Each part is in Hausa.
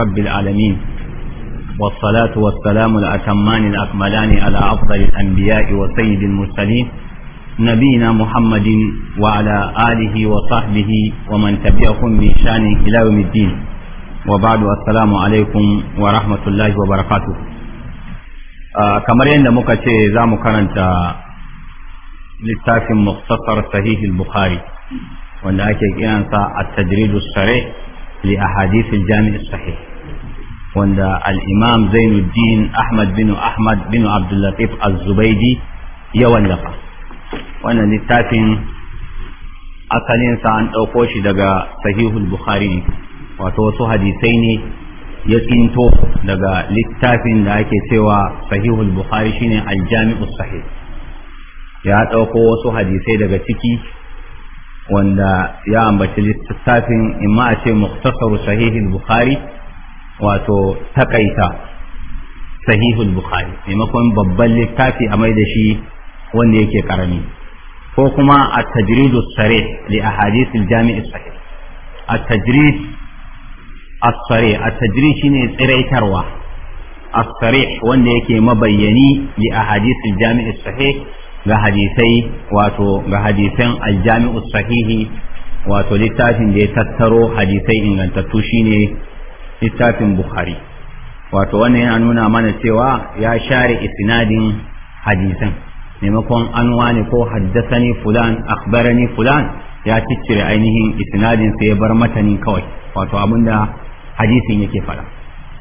رب العالمين والصلاة والسلام الأتمان الأكملان على أفضل الأنبياء وسيد المرسلين نبينا محمد وعلى آله وصحبه ومن تبعهم بإحسان إلى يوم الدين وبعد السلام عليكم ورحمة الله وبركاته آه كما يندى مكتشي زام كانت littafin muktasar sahih al-bukhari wanda ake kiransa at-tajrid as-sari li ahadithul jami' wanda al-imam Zainuddin Ahmad bin Ahmad bin Abdul Latif Az-Zubaydi ya wallafa wannan littafin asalinsa an ɗauko shi daga sahihul Bukhari ne wato wasu hadisai ne ya tsinto daga littafin da ake cewa sahihul bukhari shine aljami'us sahih ya ɗauko wasu hadisai daga ciki wanda ya ambaci littafin imma a ce muktasaru sahihul bukhari wato takaita sahihul bukhari maimakon babban littafi a mai da shi wanda yake karami ko kuma a tajridu sare li ahadithil jami'i sahih a tajrid as-sare a tajrid shine tsiraitarwa as-sare wanda yake mabayyani li ahadithil jami'i sahih ga hadisai wato ga hadisan aljami'u sahihi wato littafin da ya tattaro hadisai ingantattu shine littafin bukhari wato wannan yana nuna mana cewa ya share isnadin hadisan maimakon an wani ko haddasani fulan akhbarani fulan ya ciccire ainihin isnadin sai ya bar matanin kawai wato abinda hadisin yake faɗa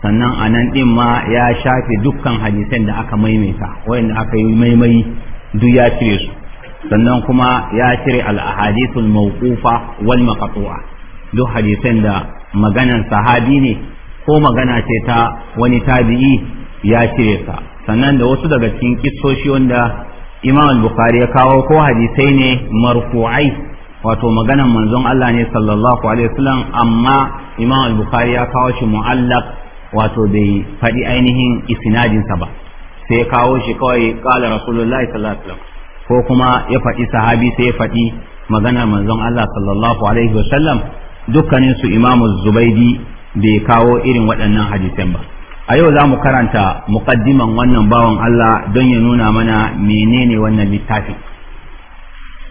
sannan a nan ɗin ma ya shafe dukkan hadisan da aka maimaita wayanda aka yi maimai duk ya cire su sannan kuma ya cire alahadisul ahadithul mawqufa wal maqtu'a duk hadisan da maganan sahabi ne ko magana ce ta wani tabi'i ya cire sa sannan da wasu daga cikin kissoshi wanda Imam al-Bukhari ya kawo ko hadisai ne marfu'ai wato maganan manzon Allah ne sallallahu alaihi wasallam amma Imam al-Bukhari ya kawo shi mu'allaq wato bai faɗi ainihin sa ba sai ya kawo shi kawai kala rasulullah sallallahu alaihi wasallam ko kuma ya faɗi sahabi sai ya faɗi maganar manzon Allah sallallahu alaihi wasallam dukkanin su imamu zubaidi bai kawo irin waɗannan hadisan ba a yau za mu karanta muqaddiman wannan bawan Allah don ya nuna mana menene wannan littafin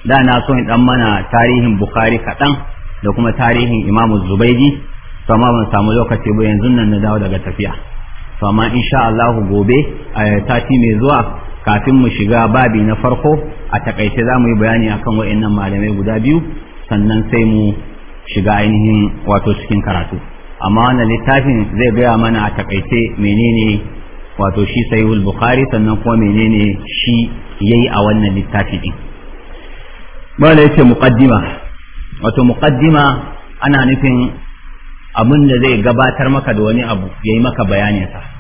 da na so in dan mana tarihin bukhari kaɗan da kuma tarihin imamu zubaidi to amma ban samu lokaci ba yanzu nan na dawo daga tafiya to amma insha Allah gobe a sati mai zuwa kafin mu shiga babi na farko a takaice za mu yi bayani akan wa'annan malamai guda biyu sannan sai mu shiga ainihin wato cikin karatu amma wannan littafin zai gaya mana a takaice menene wato shi sayyul bukhari sannan kuma menene shi yayi a wannan littafi din bala yace muqaddima wato muqaddima ana nufin abin da zai gabatar maka da wani abu yayi maka bayanin sa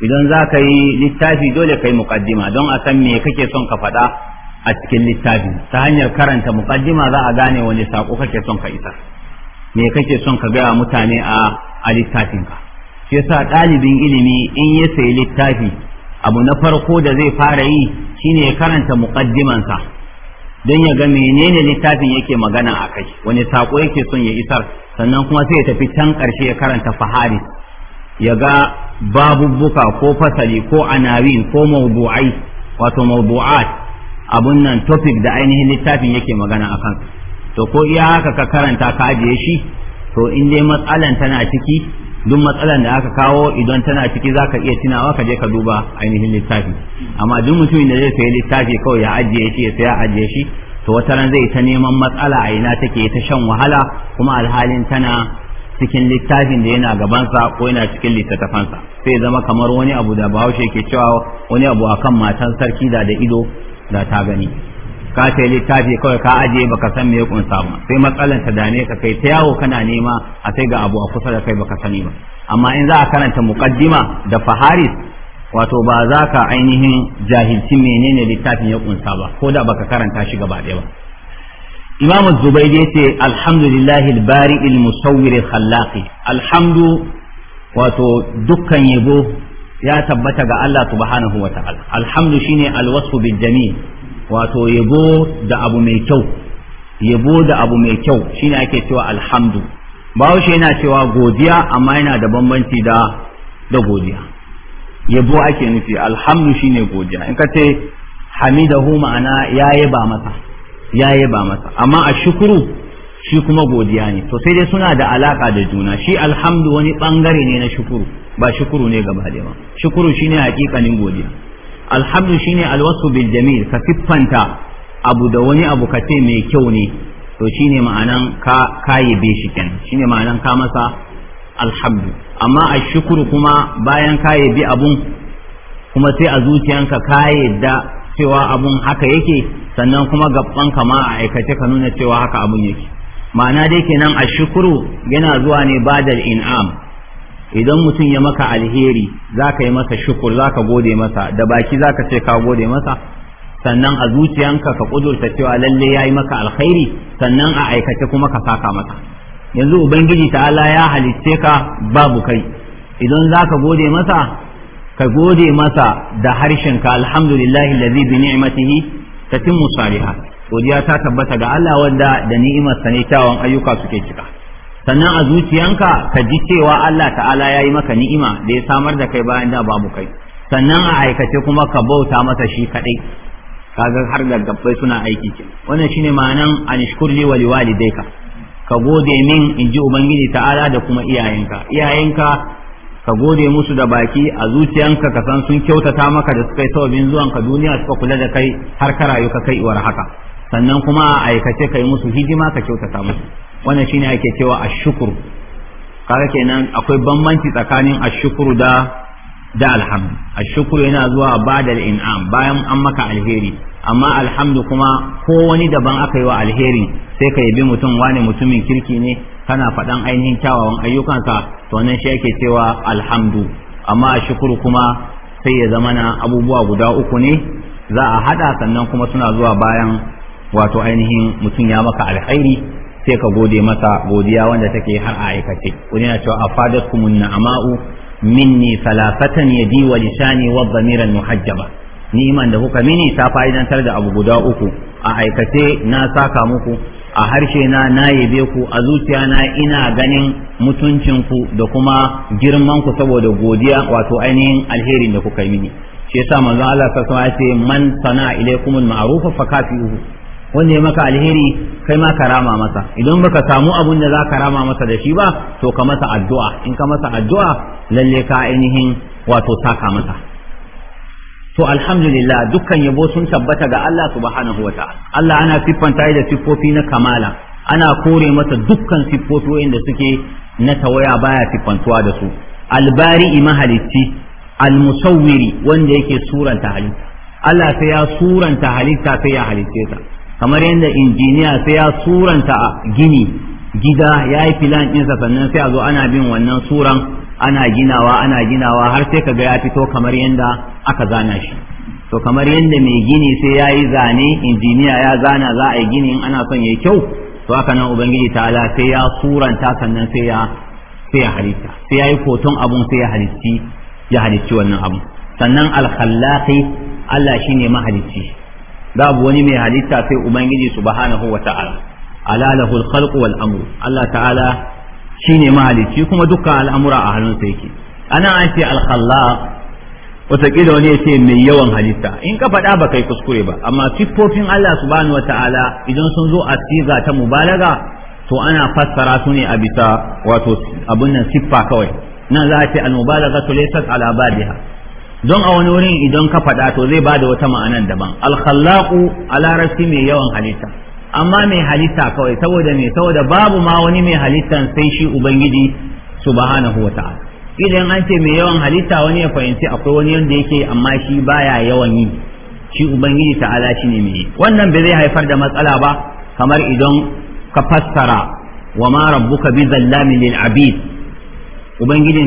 idan za ka yi littafi dole ka yi muƙaddima don a san me kake son ka faɗa a cikin littafi ta hanyar karanta muƙaddima za a gane wani saƙo kake son ka isa me kake son ka gaya mutane a a littafinka shi yasa ɗalibin ilimi in ya sayi littafi abu na farko da zai fara yi shine ya karanta muƙaddimansa don ya ga menene littafin yake magana a kai wani saƙo yake son ya isar sannan kuma sai ya tafi can ƙarshe ya karanta fahari ya ga babubbuka ko fasali ko anawin ko mawdu'ai wato mawdu'at abun nan topic da ainihin littafin yake magana a kan to ko iya haka ka karanta ka ajiye shi to in dai matsalan tana ciki duk matsalan da aka kawo idan tana ciki za ka iya tunawa ka je ka duba ainihin littafi amma duk mutumin da zai sayi littafi kawai ya ajiye shi ya saya ajiye shi to wata ran zai ta neman matsala a ina take ta shan wahala kuma alhalin tana cikin littafin da yana gabansa ko yana cikin littattafansa sai zama kamar wani abu da bahaushe ke cewa wani abu akan matan sarki da da ido da ta gani ka ce littafi kawai ka ajiye ba ka san me ya kunsa ba sai matsalan ta dane ka kai ta yawo kana nema a sai ga abu a kusa da kai baka sani ba amma in za a karanta muqaddima da faharis wato ba za ka ainihin jahilci menene littafin ya kunsa ba ko da baka karanta shi gaba ɗaya ba imamu zubaidi yace alhamdulillahi albari almusawwir alkhallaqi alhamdu wato dukkan yabo ya tabbata ga Allah subhanahu wa ta'ala alhamdu shine alwasfu bil jamil wato yabo da abu mai kyau yabo da abu mai kyau shine ke cewa alhamdu bahaushe yana cewa godiya amma yana da bambanci da godiya yabo ake nufi alhamdu shine godiya in ka ce hamidahu ma'ana ya yaba masa ya yaba masa amma a shukuru shi kuma godiya ne to sai dai suna da alaka da juna shi alhamdu wani bangare ne na shukuru ba shukuru ne gaba da ba shukuru shine hakikanin godiya alhamdu shine alwasu bil jamil ka siffanta abu da wani abu ka ce mai kyau ne to shine ma'anan ka kayi be shi kenan shine ma'anan ka masa alhamdu amma a shukuru kuma bayan kaye bi abun kuma sai a zuciyanka ka yadda cewa abun haka yake sannan kuma gabban kama a aikace ka nuna cewa haka abun yake ma'ana dai kenan a shukuru yana zuwa ne badal in'am idan mutum ya maka alheri za ka yi masa shukur za ka gode masa da baki za ka ce ka gode masa sannan a zuciyanka ka kudurta cewa lalle ya yi maka alkhairi sannan a aikace kuma ka saka masa yanzu ubangiji ta'ala ya halicce ka babu kai idan za ka gode masa ka gode masa da harshenka alhamdulillahi lazi bi ni'matihi tatimmu musaliha godiya ta tabbata ga Allah wanda da ni'imar sa ne kyawun ayyuka suke cika sannan a zuciyanka ka ji cewa Allah ta'ala ya yi maka ni'ima da ya samar da kai bayan da babu kai sannan a aikace kuma ka bauta masa shi kadai kaga har da gaggabai suna aiki ke wannan shine ma'anan anishkurli wa liwalidayka ka gode min in ji ubangiji ta'ala da kuma iyayenka iyayenka ka gode musu da baki a zuciyanka ka san sun kyautata maka da suka yi sababin zuwan ka duniya suka kula da kai har ka rayu ka kai uwar haka sannan kuma a aikace yi musu hidima ka kyautata musu wannan shine ake cewa ashukur kaga kenan akwai bambanci tsakanin ashukuru da da alhamdu ashukuru yana zuwa ba'da al'in'am bayan an maka alheri amma alhamdu kuma ko wani daban aka yi wa alheri sai ka yabi mutum wane mutumin kirki ne kana faɗan ainihin kyawawan ayyukansa to nan shi yake cewa alhamdu amma a shukuru kuma sai ya zama na abubuwa guda uku ne za a haɗa sannan kuma suna zuwa bayan wato ainihin mutum ya maka alkhairi sai ka gode masa godiya wanda take har a aikace wani na cewa afadatkumun na'ama'u minni ya yadi wa lisani wa zamiran muhajjaba ni'iman da kuka mini ta fa'idantar da abu guda uku a aikace na saka muku a harshe na na yabe ku a zuciya na ina ganin mutuncin ku da kuma girman ku saboda godiya wato ainihin alherin da kuka yi mini shi yasa manzon Allah sallallahu alaihi ya ce man sana ilaykum al-ma'rufa fakafihu wanda ya maka alheri kai ma karama masa idan baka samu abun da za ka rama masa da shi ba to ka masa addu'a in ka masa addu'a lalle ka ainihin wato saka masa to alhamdulillah dukkan yabo sun tabbata ga Allah subhanahu wa ta'ala Allah ana siffanta da siffofi na kamala ana kore masa dukkan siffofi wanda suke na tawaya baya siffantuwa da su albari mahalitti almusawwiri wanda yake suranta halitta Allah sai ya suranta halitta sai ya halicce ta kamar yadda injiniya sai ya suranta gini gida ya yi filan ɗinsa sannan sai a zo ana bin wannan suran ana ginawa ana ginawa har sai kaga ya fito kamar yadda aka zana shi to kamar yadda mai gini sai ya yi zane injiniya ya zana za a yi gini in ana son ya yi kyau to haka nan ubangiji ta'ala sai ya suranta sannan sai ya sai ya halitta sai ya yi hoton abun sai ya halitti ya halitti wannan abun sannan alkhallaqi Allah shine mahalicci babu wani mai halitta sai ubangiji subhanahu wata'ala ala lahu khalqu wal Allah ta'ala shine mahalicci kuma dukkan al'amura a hannunsa yake ana an ce al-khallaq wataƙila wani ya ce mai yawan halitta in ka faɗa ba kai kuskure ba amma siffofin Allah subhanahu wata'ala idan sun zo a siga ta mubalaga to ana fassara su ne a bisa wato abun nan siffa kawai nan za a ce al-mubalaga to laysat ala badiha don a wani wurin idan ka faɗa to zai bada wata ma'anar daban al-khallaqu a larabci mai yawan halitta amma mai halitta kawai saboda me saboda babu ma wani mai halitta sai shi ubangiji subhanahu wata'ala idan an ce mai yawan halitta wani ya fahimci akwai wani wanda yake amma shi baya yawan yi shi ubangiji ta'ala shi ne mai wannan bai zai haifar da matsala ba kamar idan ka fassara wa ma rabbuka bi zallamin lil abid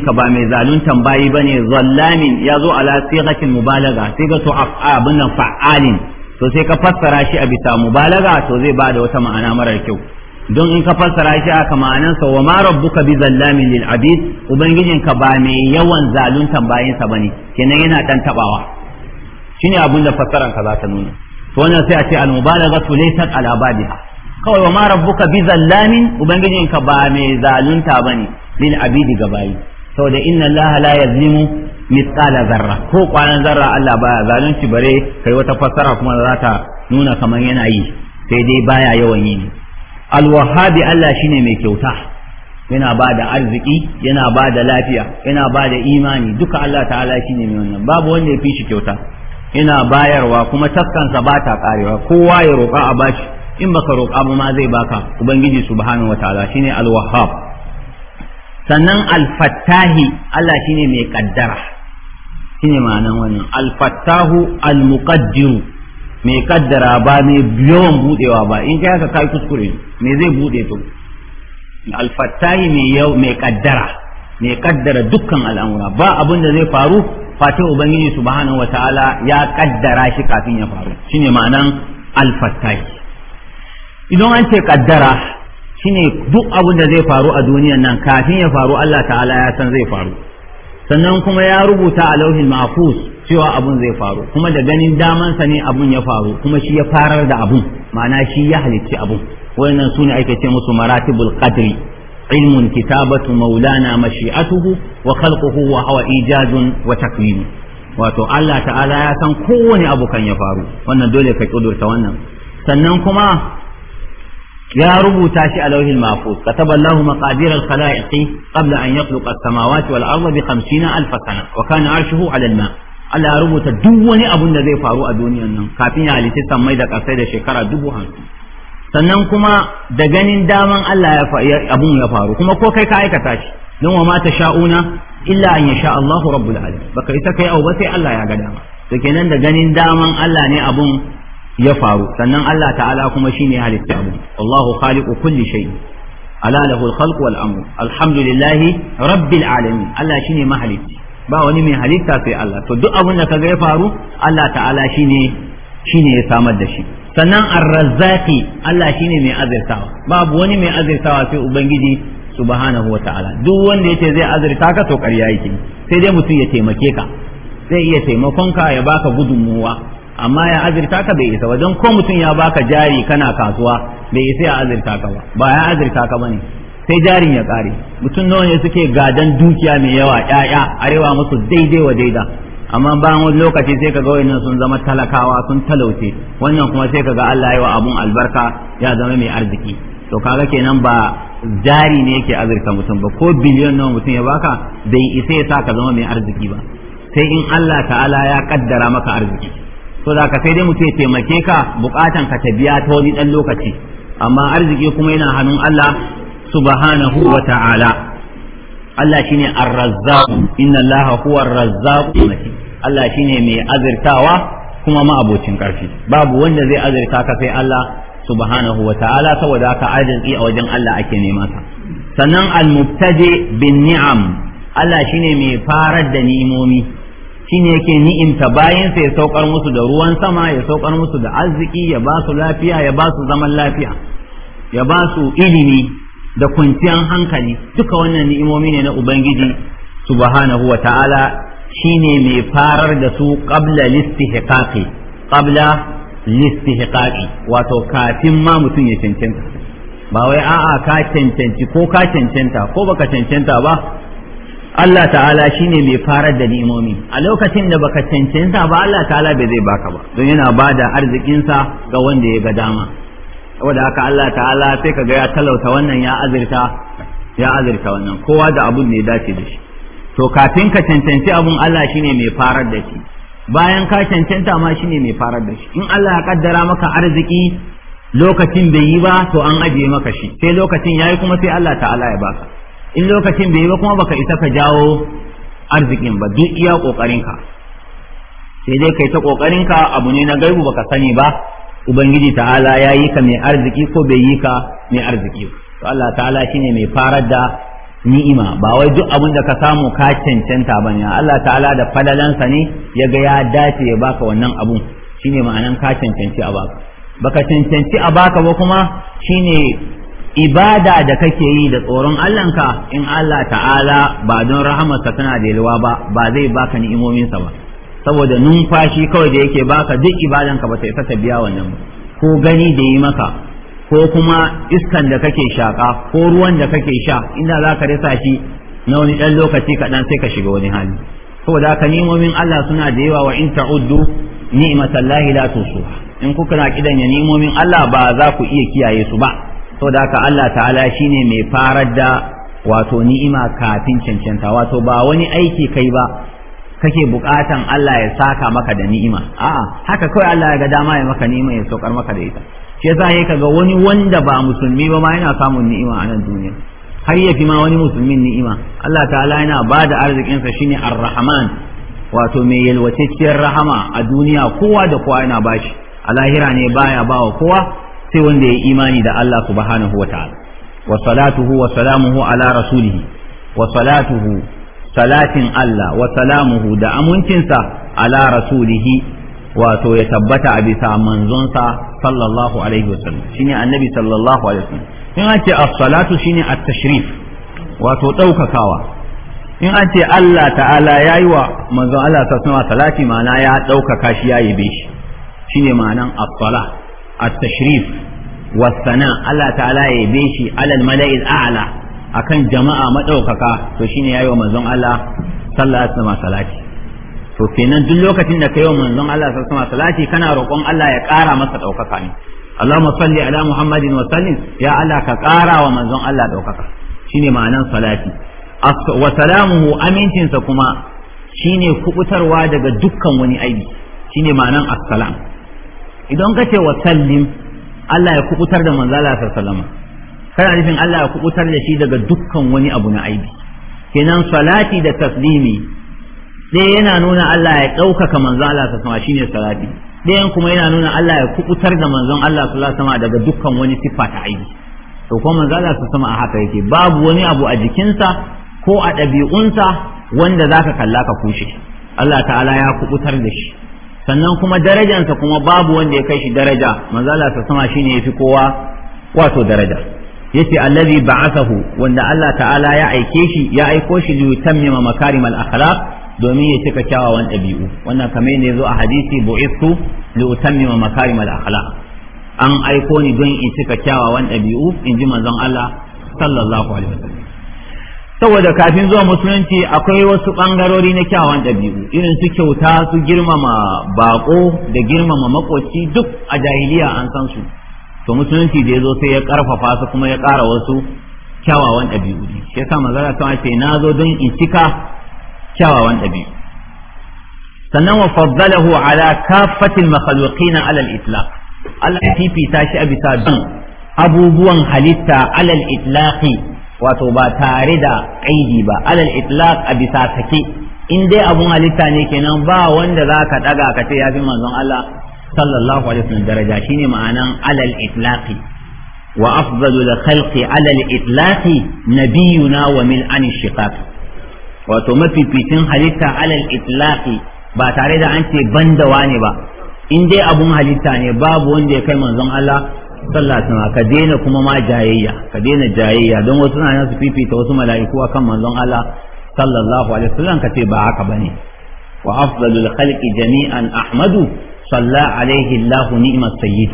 ka ba mai zaluntan bayi bane zallamin ya zo ala sigatin mubalaga sigatu af'a bin fa'alin to sai ka fassara shi a bisa mubalaga to zai ba da wata ma'ana marar kyau don in ka fassara shi aka sa wa ma rabbuka bi zallamin lil abid ka ba mai yawan zaluntan bayinsa bane kenan yana dan tabawa shine abin da fassaran ka za ta nuna to wannan sai a ce al mubalaghatu laysat ala babiha kawai wa ma rabbuka bi zallamin ka ba mai zalunta bane lil abidi ga bayi saboda inna allaha la yazlimu mitsala zarra ko kwanan zarra Allah baya zalunci bare kai wata fassara kuma za ta nuna kamar yana yi sai dai baya yawan yi alwahabi Allah shine mai kyauta yana ba da arziki yana ba da lafiya yana ba da imani duka Allah ta'ala ne mai wannan babu wanda ya fi shi kyauta yana bayarwa kuma taskansa ba ta karewa kowa ya roƙa a bashi in baka roƙa ba ma zai baka ubangiji subhanahu wataala shine alwahhab sannan alfattahi Allah shine mai kaddara shine ma'anan wannan alfattahu almuqaddiru mai kaddara ba mai yawan budewa ba in kai haka kai kuskure me zai bude to alfattahi mai yau mai kaddara mai kaddara dukkan al'amura ba abin da zai faru fata ubangiji subhanahu wataala ya kaddara shi kafin ya faru shine ma'anan alfattahi idan an ce kaddara shine duk abin da zai faru a duniyan nan kafin ya faru Allah ta'ala ya san zai faru sannan kuma ya rubuta a lauhin mahfuz cewa abun zai faru kuma da ganin damansa ne abun ya faru kuma shi ya farar da abun ma'ana shi ya halicci abun wannan sune ake ce musu maratibul qadri ilmun kitabatu maulana mashi'atuhu wa khalquhu wa hawa ijadun wa takwin wato Allah ta'ala ya san kowane abu kan ya faru wannan dole ka kudurta wannan sannan kuma ya rubuta shi a lauhin mahfuz kataba Allahu maqadir al-khalaiq qabla an yakhluqa as-samawati wal arda bi 50000 sana wa kana arshuhu 'ala Allah ya rubuta duk wani abun da zai faru a duniyar nan kafin ya halitta samai da kasai da shekara dubu hamsin sannan kuma da ganin daman Allah ya ya faru kuma ko kai ka aikata shi don wa ma tasha'una illa an yasha Allahu rabbul alamin baka ita kai au ba sai Allah ya ga dama to kenan da ganin daman Allah ne abun ya faru sannan Allah ta'ala kuma ne halitta abu Allahu khaliqu kulli shay ala lahu al-khalqu wal amru alhamdulillahi rabbil alamin Allah shine mahalitti ba wani mai halitta sai Allah to duk abin da kaga ya faru Allah ta'ala Shi ne ya samar da shi sannan ar-razzaqi Allah shine mai azirtawa babu wani mai azirtawa sai ubangiji subhanahu wa ta'ala duk wanda yace zai azirta ka to ƙarya yake sai dai mutum ya taimake ka zai iya taimakon ka ya baka gudunmuwa amma ya azirta ka bai isa wajen ko mutum ya baka jari kana kasuwa bai isa ya azirta ka ba ba ya azirta ka bane sai jarin ya kare mutum nawa ne suke gadan dukiya mai yawa ƴaƴa arewa musu daidai wa daida amma bayan wani lokaci sai kaga wayannan sun zama talakawa sun talauce wannan kuma sai kaga Allah ya wa abun albarka ya zama mai arziki to kaga kenan ba jari ne yake azirta mutum ba ko biliyon nawa mutum ya baka bai isa ya sa ka zama mai arziki ba sai in Allah ta'ala ya kaddara maka arziki to za ka sai dai mutum ya taimake ka bukatan ka ta biya ta wani dan lokaci amma arziki kuma yana hannun Allah subhanahu wa ta'ala Allah shine ar-razzaq inna Allah huwa ar-razzaq Allah shine mai azirtawa kuma ma'abocin karfi babu wanda zai azirta ka sai Allah subhanahu wa ta'ala saboda haka arziki a wajen Allah ake neman sa sannan al-mubtaji bin ni'am Allah shine mai farar da nimomi shine yake ni'imta bayan sai ya saukar musu da ruwan sama ya saukar musu da arziki ya ba su lafiya ya ba su zaman lafiya ya ba su ilimi da kwanciyar hankali duka wannan ni'imomi ne na ubangiji subhanahu wa ta'ala shine mai farar da su qabla listihqaqi qabla listihqaqi wato kafin ma mutum ya cancanta ba wai a'a ka cancanci ko ka cancanta ko baka cancanta ba Allah ta'ala shine mai farar da ni'imomi a lokacin da baka cancanta ba Allah ta'ala bai zai baka ba don yana ba da arzikinsa ga wanda ya ga dama saboda haka Allah ta'ala sai ka ga ya talauta wannan ya azirta ya azirta wannan kowa da abun ne dace da shi to kafin ka cancanci abun Allah shine mai farar da shi bayan ka cancanta ma shine mai farar da shi in Allah ya kaddara maka arziki lokacin bai yi ba to an ajiye maka shi sai lokacin yayi kuma sai Allah ta'ala ya baka in lokacin bai yi ba kuma baka isa ka jawo arzikin ba duk iya kokarinka sai dai kai ta kokarinka abu ne na gaibu baka sani ba ubangiji ta'ala ya yi ka mai arziki ko bai yi ka mai arziki to Allah ta'ala shine mai farar da ni'ima ba wai duk abin da ka samu ka cancanta ba ne Allah ta'ala da falalansa ne ya ga ya dace ya baka wannan abun shine ma'anan ka cancanci a baka baka cancanci a baka ba kuma shine ibada da kake yi da tsoron Allahnka in Allah ta'ala ba don rahamarsa tana da yalwa ba ba zai baka ni'imominsa ba saboda numfashi kawai da yake baka duk ibadanka ba ta isa biya wannan ko gani da yi maka ko kuma iskan da kake shaka ko ruwan da kake sha inda za ka rasa shi na wani ɗan lokaci kaɗan sai ka shiga wani hali saboda haka ni'imomin Allah suna da yawa wa in ta'uddu ni'matallahi la tusuha in kuka na kidan ya ni'imomin Allah ba za ku iya kiyaye su ba saboda haka Allah ta'ala shine mai farar da wato ni'ima kafin cancanta wato ba wani aiki kai ba kake bukatan Allah ya saka maka da ni'ima a'a haka kawai Allah ya ga dama ya maka ni'ima ya saukar maka da ita shi yasa sai kaga wani wanda ba musulmi ba ma yana samun ni'ima a nan duniya har yafi ma wani musulmin ni'ima Allah ta'ala yana ba da arzikinsa shine ar-rahman wato mai yalwatacciyar rahama a duniya kowa da kowa yana bashi a lahira ne baya bawa kowa sai wanda ya imani da Allah subhanahu wataala wa salatuhu wa salamuhu ala rasulihi wa salatuhu salatin Allah wa salamuhu da amincinsa ala rasulihi wato ya tabbata a bisa manzonsa sallallahu alaihi wa sallam shine annabi sallallahu alaihi wa sallam. in an ce as-salatu shine at-tashrif wato daukakawa in an ce Allah ta'ala yayi wa manzon Allah sallallahu alaihi wasallam salati ma'ana ya daukaka shi yayi be shi shine ma'anan as-salah at-tashrif wa sana Allah ta'ala ya yabe shi alal mala'il a'la akan jama'a madaukaka to shine yayi wa manzon Allah sallallahu alaihi salati to kenan duk lokacin da kai wa manzon Allah sallallahu alaihi wasallam salati kana roƙon Allah ya ƙara masa ɗaukaka ne Allahumma salli ala Muhammadin wa sallim ya Allah ka ƙara wa manzon Allah daukaka shine ma'anan salati wa salamuhu amincinsa kuma shine kubutarwa daga dukkan wani aibi shine ma'anan assalam idan ka ce wa sallim Allah ya kubutar da manzo Allah sallallahu kana nufin Allah ya kubutar da shi daga dukkan wani abu na aibi kenan salati da taslimi ɗaya yana nuna Allah ya ɗaukaka manzo Allah sallallahu alaihi shine salati ɗayan kuma yana nuna Allah ya kubutar da manzon Allah sallallahu alaihi wasallam daga dukkan wani siffa ta aibi to kuma manzo Allah sallallahu a haka yake babu wani abu a jikinsa ko a ɗabi'unsa wanda zaka kalla ka kushe Allah ta'ala ya kubutar da shi sannan kuma darajansa kuma babu wanda ya kai shi daraja manzo Allah ta sama shine yafi kowa wato daraja yace allazi ba'athahu wanda Allah ta'ala ya aike shi ya aiko shi li makarimal akhlaq domin ya cika kyawawan ɗabi'u wannan kamar ne zo a hadisi bu'istu li utammima makarimal akhlaq an aiko ni don in cika kyawawan ɗabi'u in ji manzon Allah sallallahu alaihi wasallam saboda kafin zuwa musulunci akwai wasu ɓangarori na kyawun ɗabi'u irin su kyauta su girmama baƙo da girmama makoci duk a jahiliya an san su to musulunci da ya zo sai ya ƙarfafa su kuma ya ƙara wasu kyawawan ɗabi'u ne shi yasa manzara ce na zo don in cika kyawawan ɗabi'u sannan wa faddalahu ala kafatil makhluqina ala al-itlaq Allah ya fifita shi a bisa abubuwan halitta alal itlaqi wato ba tare da kaidi ba alal itlaq a bisa sake in dai abun halitta ne kenan ba wanda za ka daga ka ce ya fi manzon Allah sallallahu alaihi wasallam daraja shine ma'anan alal itlaqi wa afdalul khalqi alal itlaqi nabiyuna wa min an shiqaq wato mafificin halitta alal itlaqi ba tare da an ce banda wane ba in dai abun halitta ne babu wanda ya kai manzon Allah sallah sama ka daina kuma ma jayayya ka daina jayayya don wasu na su fifita wasu mala'iku akan manzon Allah sallallahu alaihi wasallam ka ce ba haka bane wa afdalul khalqi jami'an ahmadu salla alaihi Allah ni'mat sayyid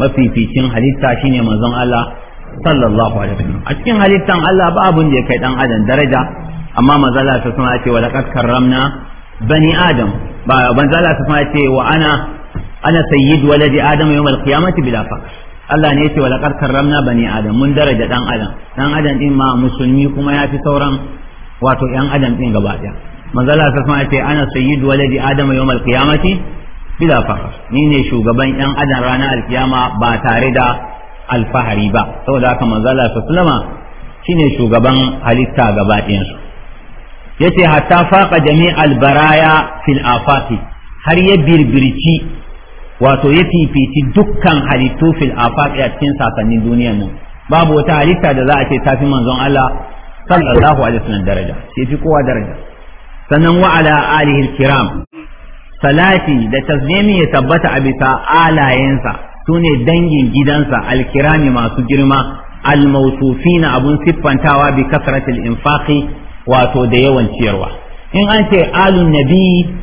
mafificin halitta shine manzon Allah sallallahu alaihi wasallam a cikin halittan Allah ba abun da ya kai dan adam daraja amma manzon Allah sallallahu alaihi wasallam ya ce wa laqad karramna bani adam ba manzon Allah sallallahu alaihi wasallam ya ce wa ana ana sayyid waladi adam yawm al-qiyamati bila faqr Allah ne yake walaqad karramna bani adam mun daraja dan adam dan adam din ma musulmi kuma ya fi sauran wato yan adam din gaba daya manzala ta ce ana sayyidu waladi adam yawm alqiyamati bila fakhar ni ne shugaban yan adam ranar alkiyama ba tare da alfahari ba saboda haka manzala ta sallama shine shugaban halitta gaba ɗayan su yace hatta faqa jami'al baraya fil afaqi har ya birbirci wato ya fifici dukkan halittu fil afaqi a cikin sasannin duniyar nan babu wata halitta da za a ce tafi manzon Allah sallallahu alaihi wasallam daraja sai fi kowa daraja sannan wa ala alihi kiram salati da taslimi ya tabbata a bisa alayensa sune dangin gidansa alkirami masu girma almausufina abun siffantawa bi kasratil infaqi wato da yawan ciyarwa in an ce alun nabi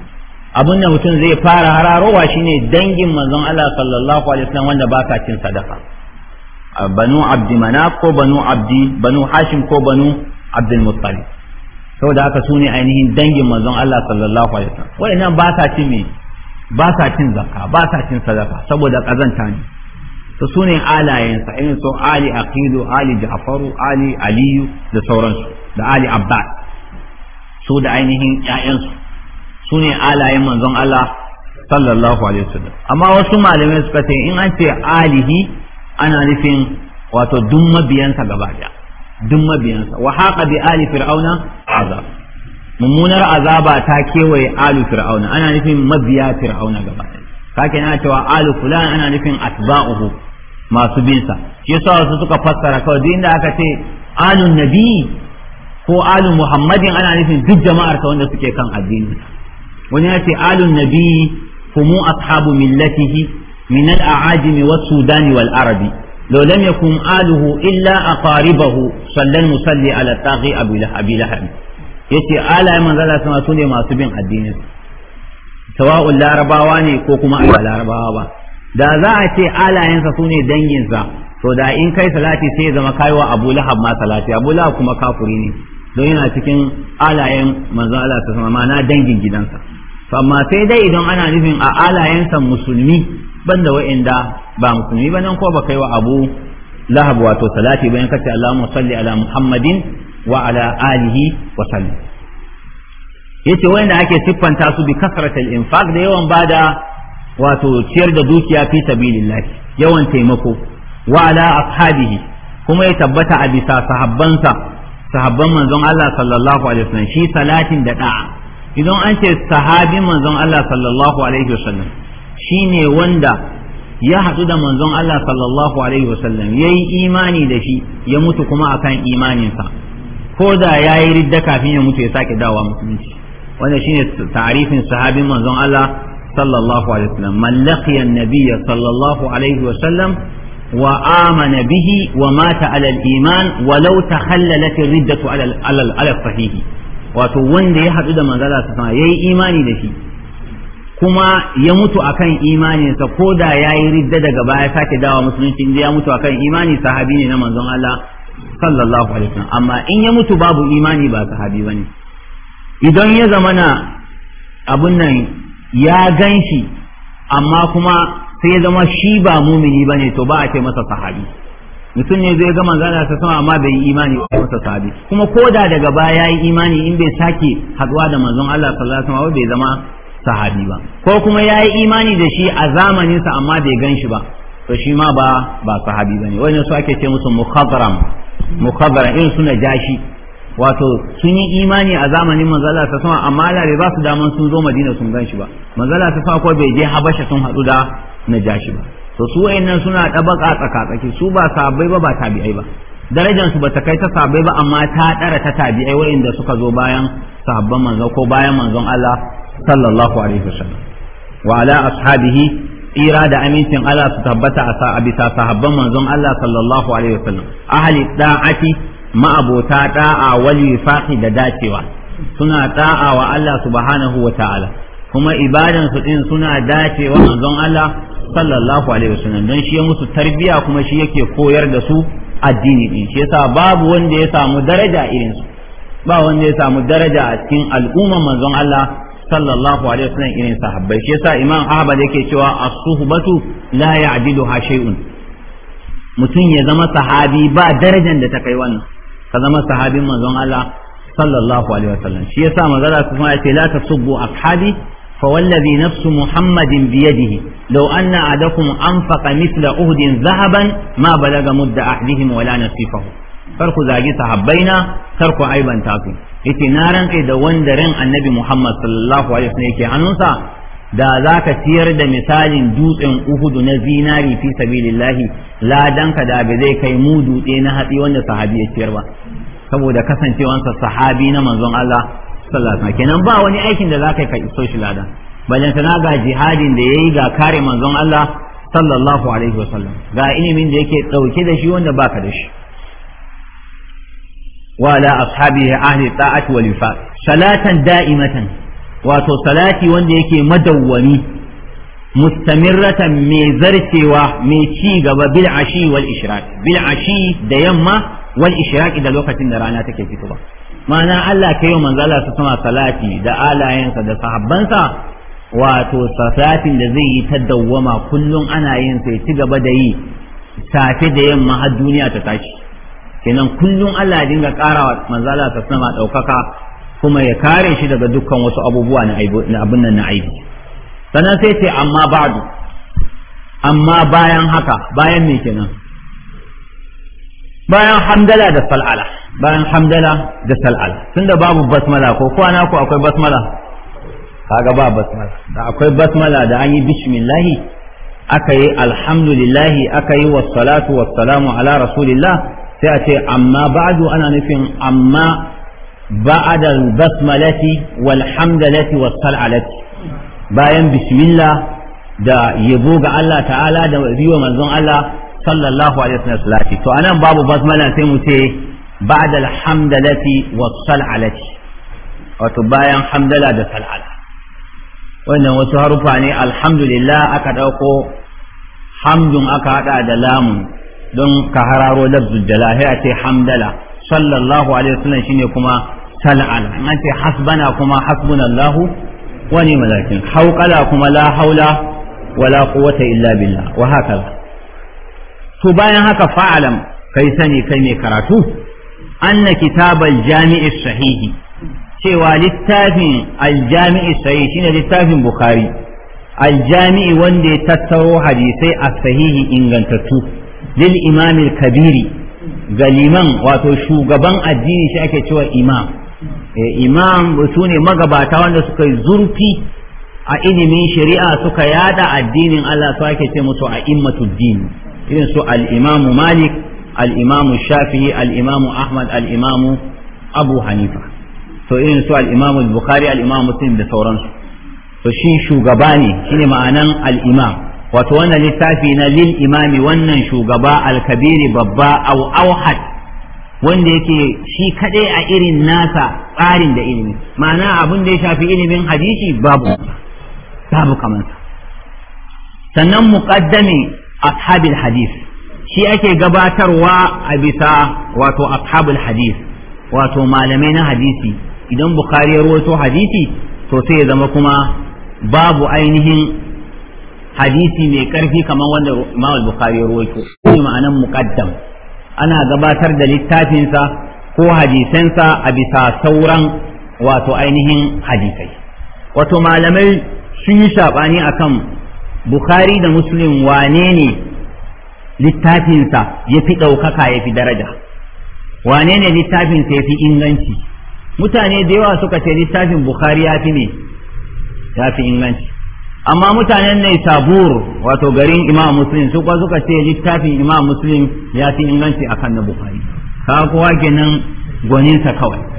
abin da mutum zai fara hararowa shine dangin manzon Allah sallallahu alaihi wasallam wanda ba sa cin sadaka banu abdi manaf ko banu abdi banu hashim ko banu abdul muttalib saboda haka su ne ainihin dangin manzon Allah sallallahu alaihi wasallam waɗannan ba sa cin me ba sa cin zakka ba sa cin sadaka saboda kazanta ne to su ne alayensa irin su ali aqilu ali ja'faru ali aliyu da sauransu da ali abbas su da ainihin ƴaƴansu su ne alayen manzon Allah sallallahu alaihi wasallam amma wasu malamai suka ce in an ce alihi ana nufin wato duk mabiyansa gaba daya duk mabiyansa wa haqa bi ali fir'auna azab mummunar azaba ta kewaye alu fir'auna ana nufin mabiya fir'auna gaba daya kake na cewa alu fulan ana nufin atba'uhu masu binsa shi yasa wasu suka fassara kawai duk inda aka ce alun nabi ko Alu muhammadin ana nufin duk jama'ar wanda suke kan addini wani ya ce alun nabi humu ashabu millatihi min al-a'ajimi was-sudani wal-arabi لو لم يكن آله إلا أقاربه صلى المصلي على الطاغي أبي لهب yace alayen manzo Allah sama sune masu bin addinin sawa'ul larabawa ne ko kuma ba larabawa ba da za a ce alayensa sune danginsa to da in kai salati sai zama kaiwa Abu Lahab ma salati Abu Lahab kuma kafuri ne don yana cikin alayen manzo Allah sama ma na dangin gidansa amma sai dai idan ana nufin a alayensa musulmi ban da wa'inda ba musulmi ba nan ko ba kai wa abu lahab wato salati bayan kace Allahumma salli ala Muhammadin wa ala alihi wa sallam yace wanda ake siffanta su bi kasratil infaq da yawan bada wato ciyar da dukiya fi sabilillah yawan taimako wa ala ashabihi kuma ya tabbata a bisa sahabbansa sahabban manzon Allah sallallahu alaihi wasallam shi salatin da da'a idan an ce sahabi manzon Allah sallallahu alaihi wasallam shine wanda ya hadu da manzon Allah sallallahu alaihi wasallam yayi imani da shi ya mutu kuma akan imaninsa ko da yayi ridda kafin ya mutu ya sake dawa musulunci wanda shine tarifin sahabin manzon Allah sallallahu alaihi wasallam man laqiya an-nabiyya sallallahu alaihi wasallam وآمن به ومات على الإيمان ولو تخللت الردة على على الصحيح wato wanda ya haɗu da manzala su sama yi imani da shi kuma ya mutu akan imaninsa ko da ya yi ridda daga baya sake dawa musulunci inda ya mutu akan imani sahabi ne na manzon Allah sallallahu alaihi wasallam amma in ya mutu babu imani ba sahabi bane idan ya zama na abun nan ya ganshi amma kuma sai ya zama shi ba mumini bane to ba a ce masa sahabi mutum ne zai ga manzana ta sama amma bai yi imani ba masa sahabi kuma koda daga baya ya yi imani in bai sake haduwa da manzon Allah sallallahu alaihi wasallam bai zama sahabi ba ko kuma yayi imani da shi a zamanin sa amma bai gan ba to shi ma ba ba sahabi bane wannan su ake ce musu mukhadram mukhadram in suna jashi wato sun yi imani a zamanin manzala ta sama amma Allah bai ba su daman sun zo Madina sun gan shi ba manzala sama ko bai je Habasha sun haɗu da najashi ba to su wayannan suna tabaka tsakatsaki su ba sabai ba ba tabi'ai ba darajar su bata kai ta sabai ba amma ta dara ta tabi'ai wayanda suka zo bayan sahabban manzo ko bayan manzon Allah sallallahu alaihi wasallam wa ala ashabihi tsira da amincin Allah su tabbata a abisa sahabban manzon Allah sallallahu alaihi wasallam ahli da'ati ma'abota da'a wal wifaqi da dacewa suna da'a wa Allah subhanahu wa ta'ala kuma ibadan su din suna dacewa manzon Allah sallallahu alaihi wasallam don shi ya musu tarbiya kuma shi yake koyar da su addini din shi yasa babu wanda ya samu daraja irin su ba wanda ya samu daraja a cikin al'umma manzon Allah sallallahu alaihi wasallam irin sahabbai shi yasa imam ahmad yake cewa as-suhbatu la ya'diluha shay'un mutum ya zama sahabi ba darajar da ta kai wannan ka zama sahabin manzon Allah sallallahu alaihi wasallam shi yasa manzon Allah kuma ya ce la tasubbu ashabi فوالذي نفس محمد بيده لو أن أحدكم أنفق مثل أهد ذهبا ما بلغ مد أحدهم ولا نصيفه فرق زاجي صحبينا ترك عيبا تاكم إتي نارا إذا وندرن النبي محمد صلى الله عليه وسلم يكي عنوسا da za ka siyar da misalin dutsen uhudu na zinari fi sabilillahi ladanka da ba zai kai mudu dutse na hatsi wanda sahabi ya ciyar ba saboda kasancewansa sahabi na manzon Allah sallallahu kenan ba wani aikin da zaka ka iso shi lada ga jihadin da yayi ga kare manzon Allah sallallahu alaihi wasallam ga ilimin da yake dauke da shi wanda baka da shi وعلى أصحابه أهل الطاعة والوفاء salatan da'imatan wato salati wanda yake madawwami mustamirratan mai zarcewa mai ci gaba bil ashi wal ishrat bil ashi da yamma wal ishraqi da lokacin da rana take fitowa ma'ana Allah kai wa manzo Allah su sama salati da alayensa da sahabbansa wato salatin da zai yi ta dawwama kullum ana yin sai ci gaba da yi safe da yamma har duniya ta tashi kenan kullum Allah ya dinga karawa manzo Allah ta sama daukaka kuma ya kare shi daga dukkan wasu abubuwa na abin nan na aibi sannan sai ce amma ba'du amma bayan haka bayan me kenan bayan hamdala da sal'ala bayan hamdala da sal'ala tunda babu basmala ko kwana ko akwai basmala kaga ba basmala da akwai basmala da an yi bismillahi aka yi alhamdulillahi aka yi wassalatu wassalamu ala rasulillah sai a ce amma ba'du ana nufin amma بعد البسملة والحمدلة والصلعلة bayan bismillah da دا allah ta'ala تعالى دا يبوغ manzon allah sallallahu alaihi wasallam to anan babu basmala sai mu ce ba'da alhamdalati was sal'alati wato bayan hamdala da sal'ala wannan wasu harufa ne alhamdulillah aka dauko hamdun aka hada da lamun don ka hararo lafzul jalala sai a ce hamdala sallallahu alaihi wasallam shine kuma sal'ala an ce hasbana kuma hasbunallahu wa ni'mal wakil hauqala kuma la haula wala quwwata illa billah wa hakaza to bayan haka fa'alam kai sani kai mai karatu anna kitabal jami'i sahihi cewa littafin aljami'i sahihi shine littafin bukhari aljami'i wanda ya tattaro hadisai a sahihi ingantattu lil imamil kabiri ga liman wato shugaban addini shi ake cewa imam eh, imam su ne magabata wanda suka yi zurfi a ilimin shari'a suka yada addinin Allah su ake ce musu a immatu dini irin su al malik al Shafi, shafi'i ahmad al abu hanifa to irin su al bukhari al-imam muslim da sauransu to shi shugaba ne shine ma'anan al wato wannan littafi na lil imami wannan shugaba al-kabiri babba au awhad wanda yake shi kaɗai a irin nasa tsarin da ilimi ma'ana abin da ya shafi ilimin hadisi babu babu kamansa sannan muqaddami ashabil hadith shi ake gabatarwa a bisa wato ashabul hadith wato malamai na hadisi idan bukhari ya hadisi to sai ya zama kuma babu ainihin hadisi mai karfi kamar wanda imam al ya rawaito shi ma'anan muqaddam ana gabatar da littafinsa ko hadisansa a bisa sauran wato ainihin hadisai wato malamai sun yi shabani akan bukhari da muslim wane ne littafinsa ya fi ɗaukaka ya fi daraja wane ne littafinsa ya fi inganci mutane da yawa suka ce littafin bukhari ya fi ne ya fi inganci amma mutanen ne sabur wato garin imam muslim su suka ce littafin imam muslim ya fi inganci akan na bukhari kaga kowa kenan gwaninsa kawai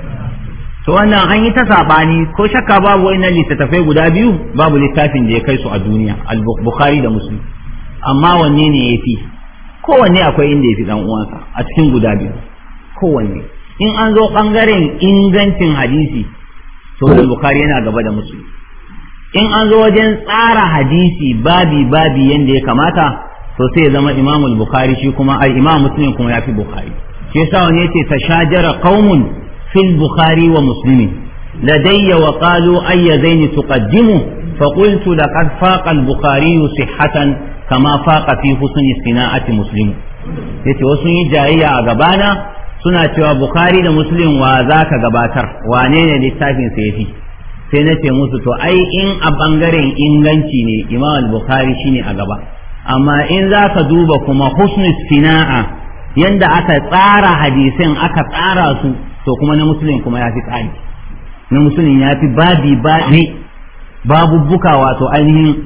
to wannan an yi ta sabani ko shakka babu wayannan littattafai guda biyu babu littafin da ya kai su a duniya al-bukhari da muslim amma wanne ne yafi kowanne akwai inda yafi dan uwansa a cikin guda biyu kowanne in an zo bangaren ingancin hadisi to al-bukhari yana gaba da muslim in an zo wajen tsara hadisi babi babi yanda ya kamata to sai ya zama imamul bukhari shi kuma ai imamu muslim kuma yafi bukhari shi yasa wani yace tashajara qaumun في البخاري ومسلم لدي وقالوا أي زين تقدمه فقلت لقد فاق البخاري صحة كما فاق في حسن صناعة مسلم yace wasu yi jayayya a gabana suna cewa bukhari da muslim wa za ka gabatar wane ne littafin sa yafi sai na ce musu to ai in a bangaren inganci ne imam al-bukhari shine a gaba amma in za ka duba kuma husnul sina'a yanda aka tsara hadisan aka tsara su to kuma na musulun kuma ya fi tsari na musulun ya fi babi babi babubbuka wato ainihin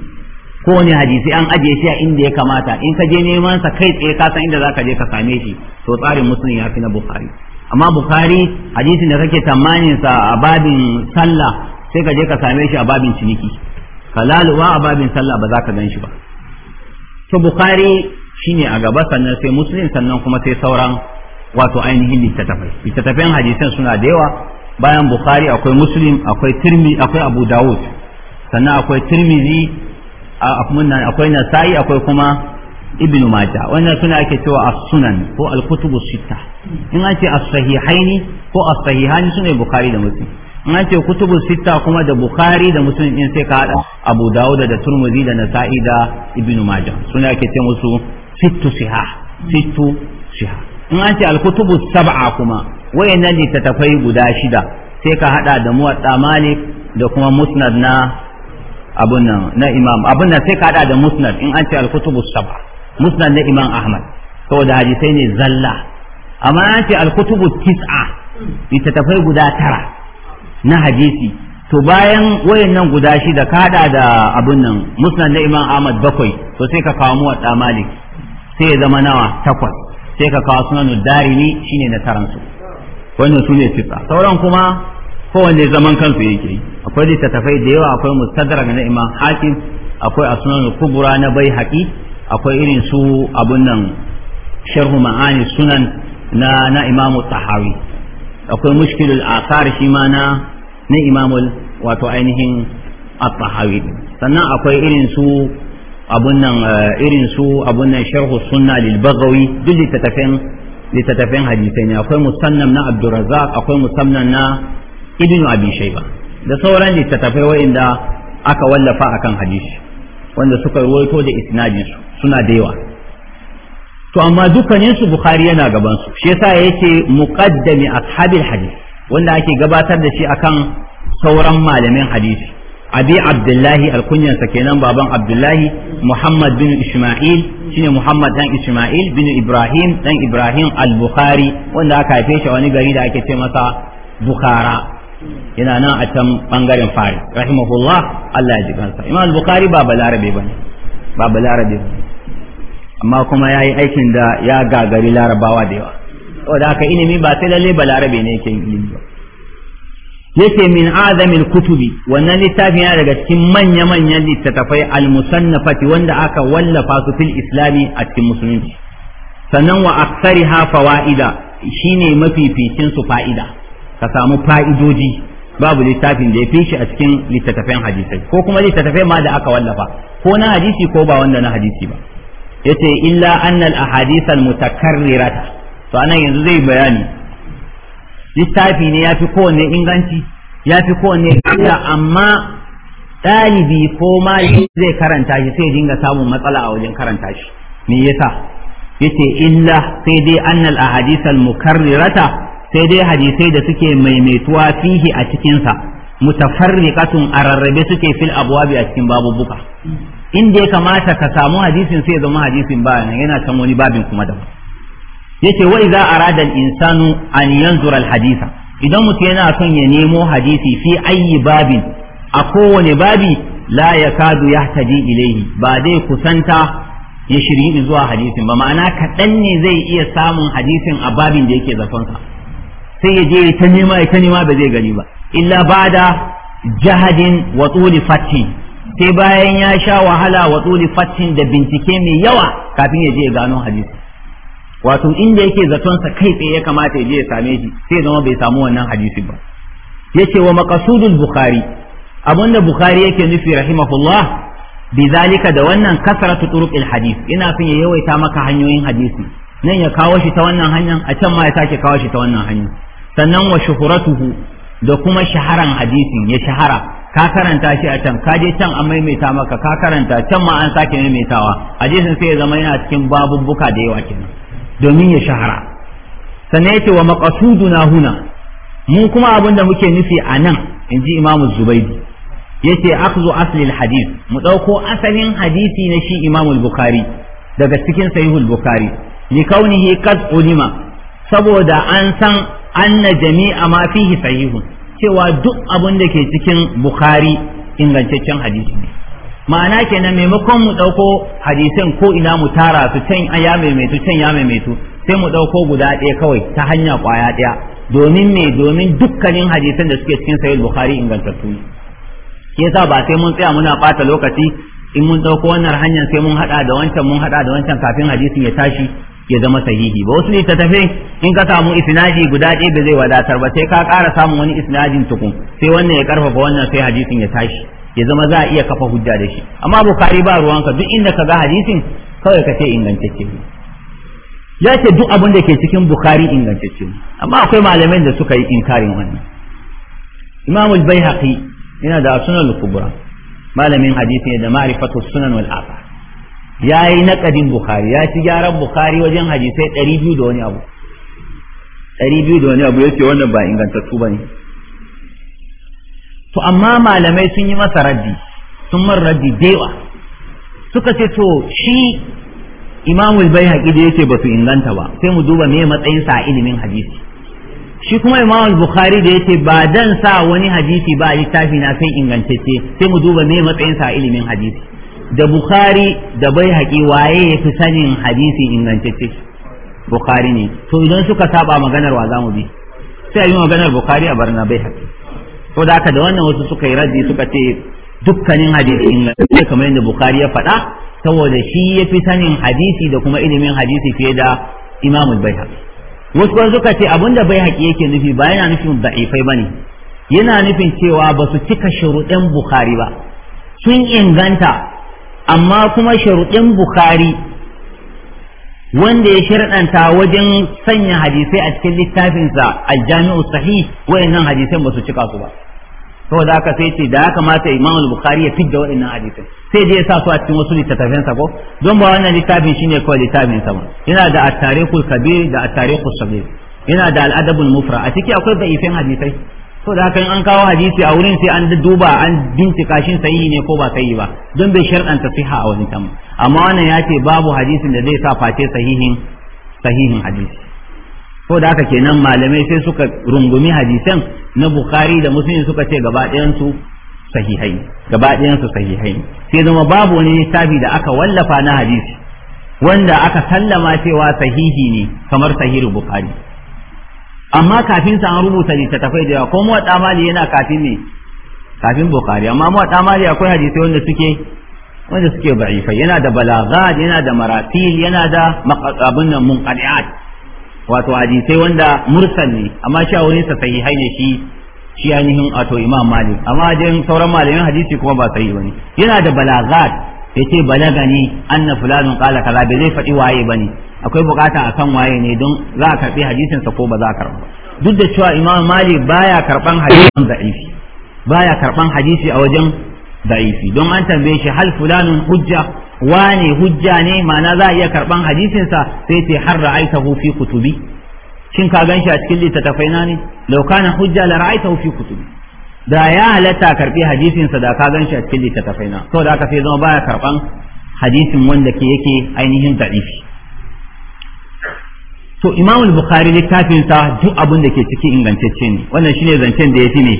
kowane hadisi an ajiye shi a inda ya kamata in ka je neman sa kai tsaye ka san inda za ka je ka same shi to tsarin musulun ya fi na bukari amma bukari hadisin da kake tamanin sa a babin sallah sai ka je ka same shi a babin ciniki kalaluwa a babin sallah ba za ka gan shi ba to bukari shine a gaba sannan sai musulun sannan kuma sai sauran wato ainihin littattafai littattafan hadisan suna da yawa bayan bukhari akwai muslim akwai tirmi akwai abu dawud sannan akwai tirmizi akwai nasa'i akwai kuma ibnu maja wannan suna ake cewa as-sunan ko al-kutubu sita in an ce as-sahihaini ko as-sahihani suna bukhari da muslim in an ce kutubu sita kuma da bukhari da muslim din sai ka hada abu dawud da turmuzi da nasa'i da ibnu maja suna ake ce musu sittu sihah sittu sihah in an ce alkutubu saba'a kuma wayan nan littattafai guda shida sai ka hada da muwatta malik da kuma musnad na abun nan na imam abun nan sai ka hada da musnad in an ce alkutubu saba'a, musnad na imam ahmad saboda hadisai ne zalla amma an ce alkutubu tis'a littattafai guda tara na hadisi to bayan wayan nan guda shida ka hada da abun nan musnad na imam ahmad bakwai to sai ka kawo muwatta malik sai ya zama nawa takwas sai ka kawo sunan darimi shine na taransu wannan su ne sita sauran kuma kowanne zaman kansu yake akwai littattafai da yawa akwai mustadrak na imam hakim akwai asunan kubura na bai haƙi akwai irin su abun nan sharhu ma'ani sunan na na imamu tahawi akwai mushkilul asar shi ma na na imamul wato ainihin at-tahawi sannan akwai irin su abun nan eh, irin su abun nan sharhu sunna lil baghawi duk littattafan littattafan hadisai ne akwai musannam na abdurrazzaq akwai musannam na ibnu abi shayba da sauran littattafai wanda aka wallafa akan hadisi wanda suka ruwaito da isnadin su suna da yawa to amma dukkanin su bukhari yana gaban su shi yasa yake muqaddami ashabil hadis wanda ake gabatar da shi akan sauran malamin hadisi abi abdullahi alkunyansa kenan baban abdullahi muhammad bin isma'il shine muhammad dan isma'il bin ibrahim dan ibrahim al-bukhari wanda aka haife shi wani gari da ake ce masa bukhara yana nan a can bangaren fari rahimahullah allah ya ji kansa imam al-bukhari ba balarabe ba ne ba balarabe ba amma kuma ya yi aikin da ya gagari larabawa da yawa saboda haka inimi ba sai lalle balarabe ne yake yin ilimi ba yake min azamin kutubi wannan littafin yana daga cikin manya-manyan littattafai al-musannafati wanda aka wallafa su fil islami a cikin musulunci sannan wa aksariha fawaida shine mafificin su fa'ida ka samu fa'idoji babu littafin da ya fi shi a cikin littattafan hadisai ko kuma littattafai ma da aka wallafa ko na hadisi ko ba wanda na hadisi ba yace illa annal ahadith al-mutakarrirata to anan yanzu zai bayani littafi ne ya fi kowanne inganci ya fi kowanne da amma ɗalibi ko malami zai karanta shi sai dinga samun matsala a wajen karanta shi me yasa yace illa sai dai annal ahadith al mukarrirata sai dai hadisai da suke maimaituwa fihi a cikin sa mutafarriqatun ararrabe suke fil abwabi a cikin babubuka inda ya kamata ka samu hadisin sai zama hadisin ba yana can wani babin kuma daban yake wa idza arada al-insanu an yanzura al-haditha idan mutum yana son ya nemo hadisi fi ayi babin a kowane babi la yakadu yahtaji ilayhi ba zai kusanta ya shiryi zuwa hadisin ba ma'ana kaɗan ne zai iya samun hadisin a babin da yake zatonsa sai ya je ta nema ya ta nema ba zai gani ba illa bada jahadin wa tsuli fatti sai bayan ya sha wahala wa tsuli fattin da bincike mai yawa kafin ya je ya gano hadisi wato inda yake zaton sa kai tsaye ya kamata ya je ya same shi sai zama bai samu wannan hadisi ba ce wa maqasudul bukhari da bukhari yake nufi rahimahullah bizalika da wannan kasratu turuqil hadis ina son ya yawaita maka hanyoyin hadisi nan ya kawo shi ta wannan hanyar a can ma ya sake kawo shi ta wannan hanyar sannan wa shuhuratuhu da kuma shaharan hadisin ya shahara ka karanta shi a can ka je can an maimaita maka ka karanta can ma an sake maimaitawa hadisin sai ya zama yana cikin babubbuka da yawa kenan domin ya shahara sannan yace wa na huna mu kuma abin da muke nufi a nan in ji imamu zubaidi yace akzu asli alhadith mu ɗauko asalin hadisi na shi imamu bukari daga cikin sahihul bukhari li kaunihi qad ulima saboda an san anna jami'a ma fihi sahihun cewa duk abin da ke cikin bukari ingantaccen hadisi ma'ana kenan maimakon mu ɗauko hadisan ko ina mu tara su can ya maimaitu can ya maimaitu sai mu ɗauko guda ɗaya kawai ta hanya kwaya ɗaya domin me domin dukkanin hadisan da suke cikin sahih bukhari ingantattu ke yasa ba sai mun tsaya muna ɓata lokaci in mun ɗauko wannan hanyar sai mun haɗa da wancan mun haɗa da wancan kafin hadisin ya tashi ya zama sahihi ba wasu littattafai in ka samu isnadi guda ɗaya da zai wadatar ba sai ka ƙara samun wani isnadin tukun sai wannan ya ƙarfafa wannan sai hadisin ya tashi ya zama za a iya kafa hujja da shi amma bukari ba ruwanka duk inda ka ga hadisin kawai ka ce ingantacce ya ce duk abin da ke cikin bukari ingantacce amma akwai malamai da suka yi inkarin wannan imam al haƙi yana da sunan kubra malamin hadisi ne da ma'rifatu sunan wal afa ya yi naƙadin bukari ya ci gyaran bukari wajen hadisai 200 da wani abu 200 da wani abu ce wannan ba ingantattu bane to amma malamai sun yi masa raddi sun mar raddi dewa suka ce to shi imamul bai haƙi da yake ba su inganta ba sai mu duba me matsayin sa ilimin hadisi shi kuma imamul bukhari da yake ba dan sa wani hadisi ba a littafi na sai ingantacce sai mu duba me matsayin sa ilimin hadisi da bukhari da bai haƙi waye ya fi sanin hadisi ingantacce bukhari ne to idan suka saba maganar wa za mu bi sai a yi maganar bukhari a barna bai haƙi ko da da wannan wasu suka yi raddi suka ce dukkanin hadisi ingantacce kamar yadda bukari ya faɗa saboda shi ya fi sanin hadisi da kuma ilimin hadisi fiye da Imam al baihaqi wasu kuma suka ce bai baihaqi yake nufi ba yana nufin da'ifai bane yana nufin cewa ba su cika sharuɗin bukari ba sun inganta amma kuma sharuɗin bukari wanda ya shirɗanta wajen sanya hadisai a cikin littafinsa aljami'u sahih wayannan hadisai ba su cika su ba saboda haka sai ce da ya kamata imam al-bukhari ya fidda wayannan hadisai sai dai ya sa su a cikin wasu littattafan sa ko don ba wannan littafin shine kawai littafin sa ba yana da at-tarikhul kabir da at-tarikhus yana da al-adabul mufra a ciki akwai da'ifin hadisai so da haka an kawo hadisi a wurin sai an duba an bincika shin sahihi ne ko ba sahihi ba don bai sharɗanta siha a wani tamu amma wannan ya ce babu hadisin da zai sa face sahihin sahihin hadisi ko da haka kenan malamai sai suka rungumi hadisan na bukhari da muslim suka ce gaba ɗayansu sahihai gaba ɗayansu sahihai sai zama babu wani littafi da aka wallafa na hadisi wanda aka sallama cewa sahihi ne kamar sahihin bukhari amma kafin sa an rubuta littattafai da yawa ko wa ɗamali yana kafin ne kafin bukhari amma wa ɗamali akwai hadisai wanda suke wanda suke ba'ifai yana da balagad yana da maratil yana da abin nan munqadi'at wato hadisai wanda mursal ne amma shi sa sahihai ne shi shi ainihin ato imam malik amma dan sauran malamin hadisi kuma ba sai bane yana da balagad yace balagani anna fulanun qala kaza bai zai faɗi waye bane akwai bukata a akan waye ne don za a karbi hadisin sa ko ba za ka karba duk da cewa imam malik baya karban hadisin da'ifi baya karban hadisi a wajen da'ifi don an tambaye shi hal fulanun hujja wane hujja ne ma'ana za a iya karban hadisinsa sai ce har ra'aitahu fi kutubi shin ka ganshi a cikin littattafai na ne law hujja la ra'aitahu fi kutubi da ya halatta karbi hadisinsa da ka ganshi a cikin littattafai na to da aka sai zama baya karban hadisin wanda ke yake ainihin da'ifi to imamul bukhari littafin sa duk abin da ke ciki ingantacce ne wannan shine zancen da ya fi ne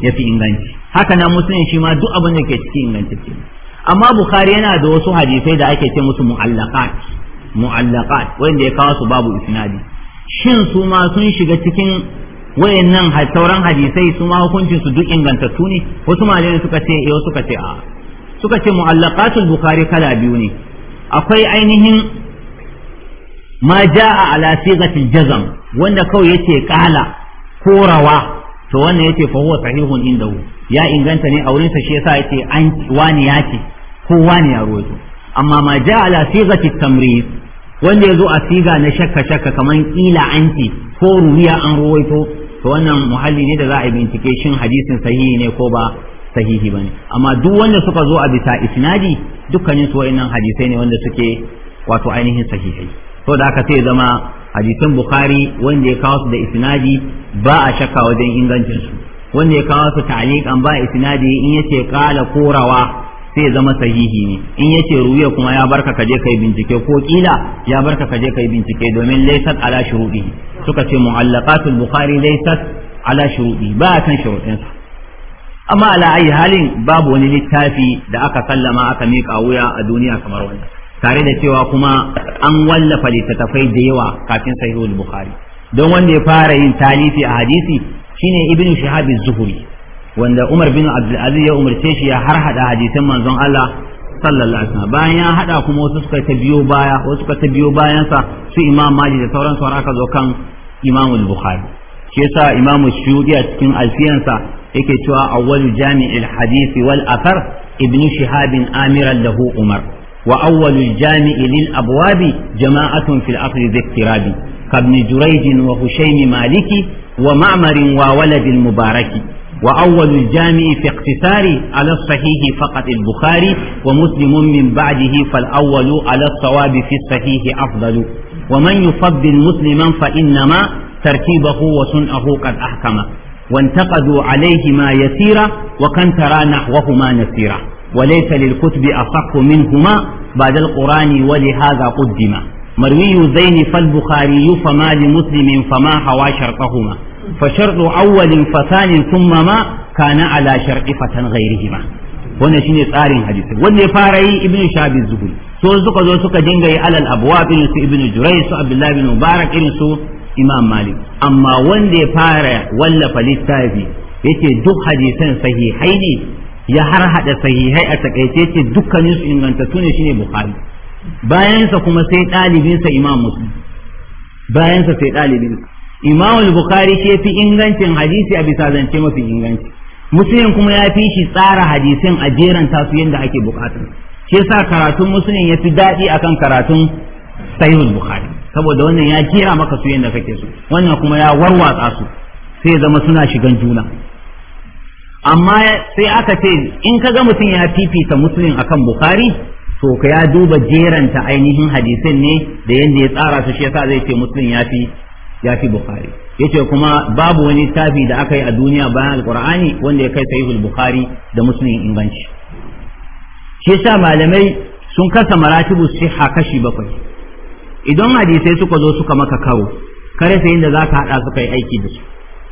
ya fi inganci haka na musulun shi ma duk abin da ke cikin inganci ce amma bukhari yana da wasu hadisai da ake ce musu mu'allaqat mu'allaqat wanda ya kawo su babu isnadi shin su ma sun shiga cikin wayannan sauran hadisai su ma hukuncin su duk ingantattu ne wasu malamai suka ce eh suka ce a suka ce mu'allaqatul bukhari kala biyu ne akwai ainihin ma jaa ala sigatil jazam wanda kawai yace kala ko rawa to wannan yace fa huwa sahihun indahu ya inganta ne a wurinsa shi yasa yace an wani ya ko wani ya ruwaito amma ma ja ala sigati tamrid wanda yazo a siga na shakka shakka kaman kila anti ko ruwiya an ruwaito to wannan muhalli ne da za a yi bincike shin hadisin sahihi ne ko ba sahihi bane amma duk wanda suka zo a bisa isnadi dukkanin su wayannan hadisai ne wanda suke wato ainihin sahihai ko da aka sai zama hadisin bukhari wanda ya kawo su da isnadi ba a shakka wajen ingancin su wanda ya kawo su ta'liqan ba isnadi in yace qala korawa sai zama sahihi ne in yace ruwiya kuma ya barka kaje kai bincike ko kila ya barka kaje kai bincike domin laysat ala shuruɗi suka ce mu'allaqatul bukhari laysat ala shuruɗi ba san shuruɗinsa amma ala ayi halin babu wani littafi da aka sallama aka miƙa wuya a duniya kamar wannan tare da cewa kuma an wallafa littattafai da yawa kafin sahihul bukhari don wanda ya fara yin talifi a hadisi shine ibn shihab az-zuhri wanda umar bin abdul aziz ya umarce shi ya harhada hadisan manzon Allah sallallahu alaihi wasallam bayan ya hada kuma wasu suka ta biyo baya wasu suka ta biyo bayan sa su imam mali da sauran su aka zo kan imam al-bukhari shi yasa imam shuyudi a cikin alfiyansa yake cewa awwalu jami'il hadisi wal athar ibn shihab amiran lahu umar وأول الجامع للأبواب جماعة في العقل ذي اقتراب كابن جريج وهشيم مالك ومعمر وولد المبارك وأول الجامع في اقتصار على الصحيح فقط البخاري ومسلم من بعده فالأول على الصواب في الصحيح أفضل ومن يفضل مسلما فإنما ترتيبه وسنه قد أحكم وانتقدوا عليه ما يسير وكن ترى نحوهما نسيرا وليس للكتب أصح منهما بعد القرآن ولهذا قدم مروي زين فالبخاري فما لمسلم فما حوى شرطهما فشرط أول فثان ثم ما كان على شرط فتن غيرهما wannan shine tsarin hadisi wanda ya fara yi ibnu shabi zuhri so suka zo suka dinga yi alal abwab irin su ibnu jurai su abdullahi Ibn mubarak irin su imam malik amma wanda ya fara wallafa littafi yace duk hadisan sahihai ne ya har hada sahihai a takaice ce dukkanin su ingantattu ne shine bukhari sa kuma sai ɗalibinsa imam muslim sa sai ɗalibinsa imam bukhari ke fi ingancin hadisi a bisa zance mafi inganci muslim kuma ya fi shi tsara hadisin a jeran tasu yadda ake bukatar shi yasa karatun muslim ya fi daɗi akan karatun sahihul bukhari saboda wannan ya jera maka su yadda kake so wannan kuma ya warwatsa su sai zama suna shigan juna amma sai aka ce in ka ga mutum ya fifita muslim akan bukhari to ka ya duba jeranta ainihin hadisin ne da yadda ya tsara su shi yasa zai ce muslim ya fi ya fi kuma babu wani tafi da aka yi a duniya bayan alqur'ani wanda ya kai sahihul bukhari da muslim inganci shi yasa malamai sun kasa maratibu sihha kashi bakwai idan hadisai suka zo suka maka karo kare sai inda zaka haɗa suka yi aiki da su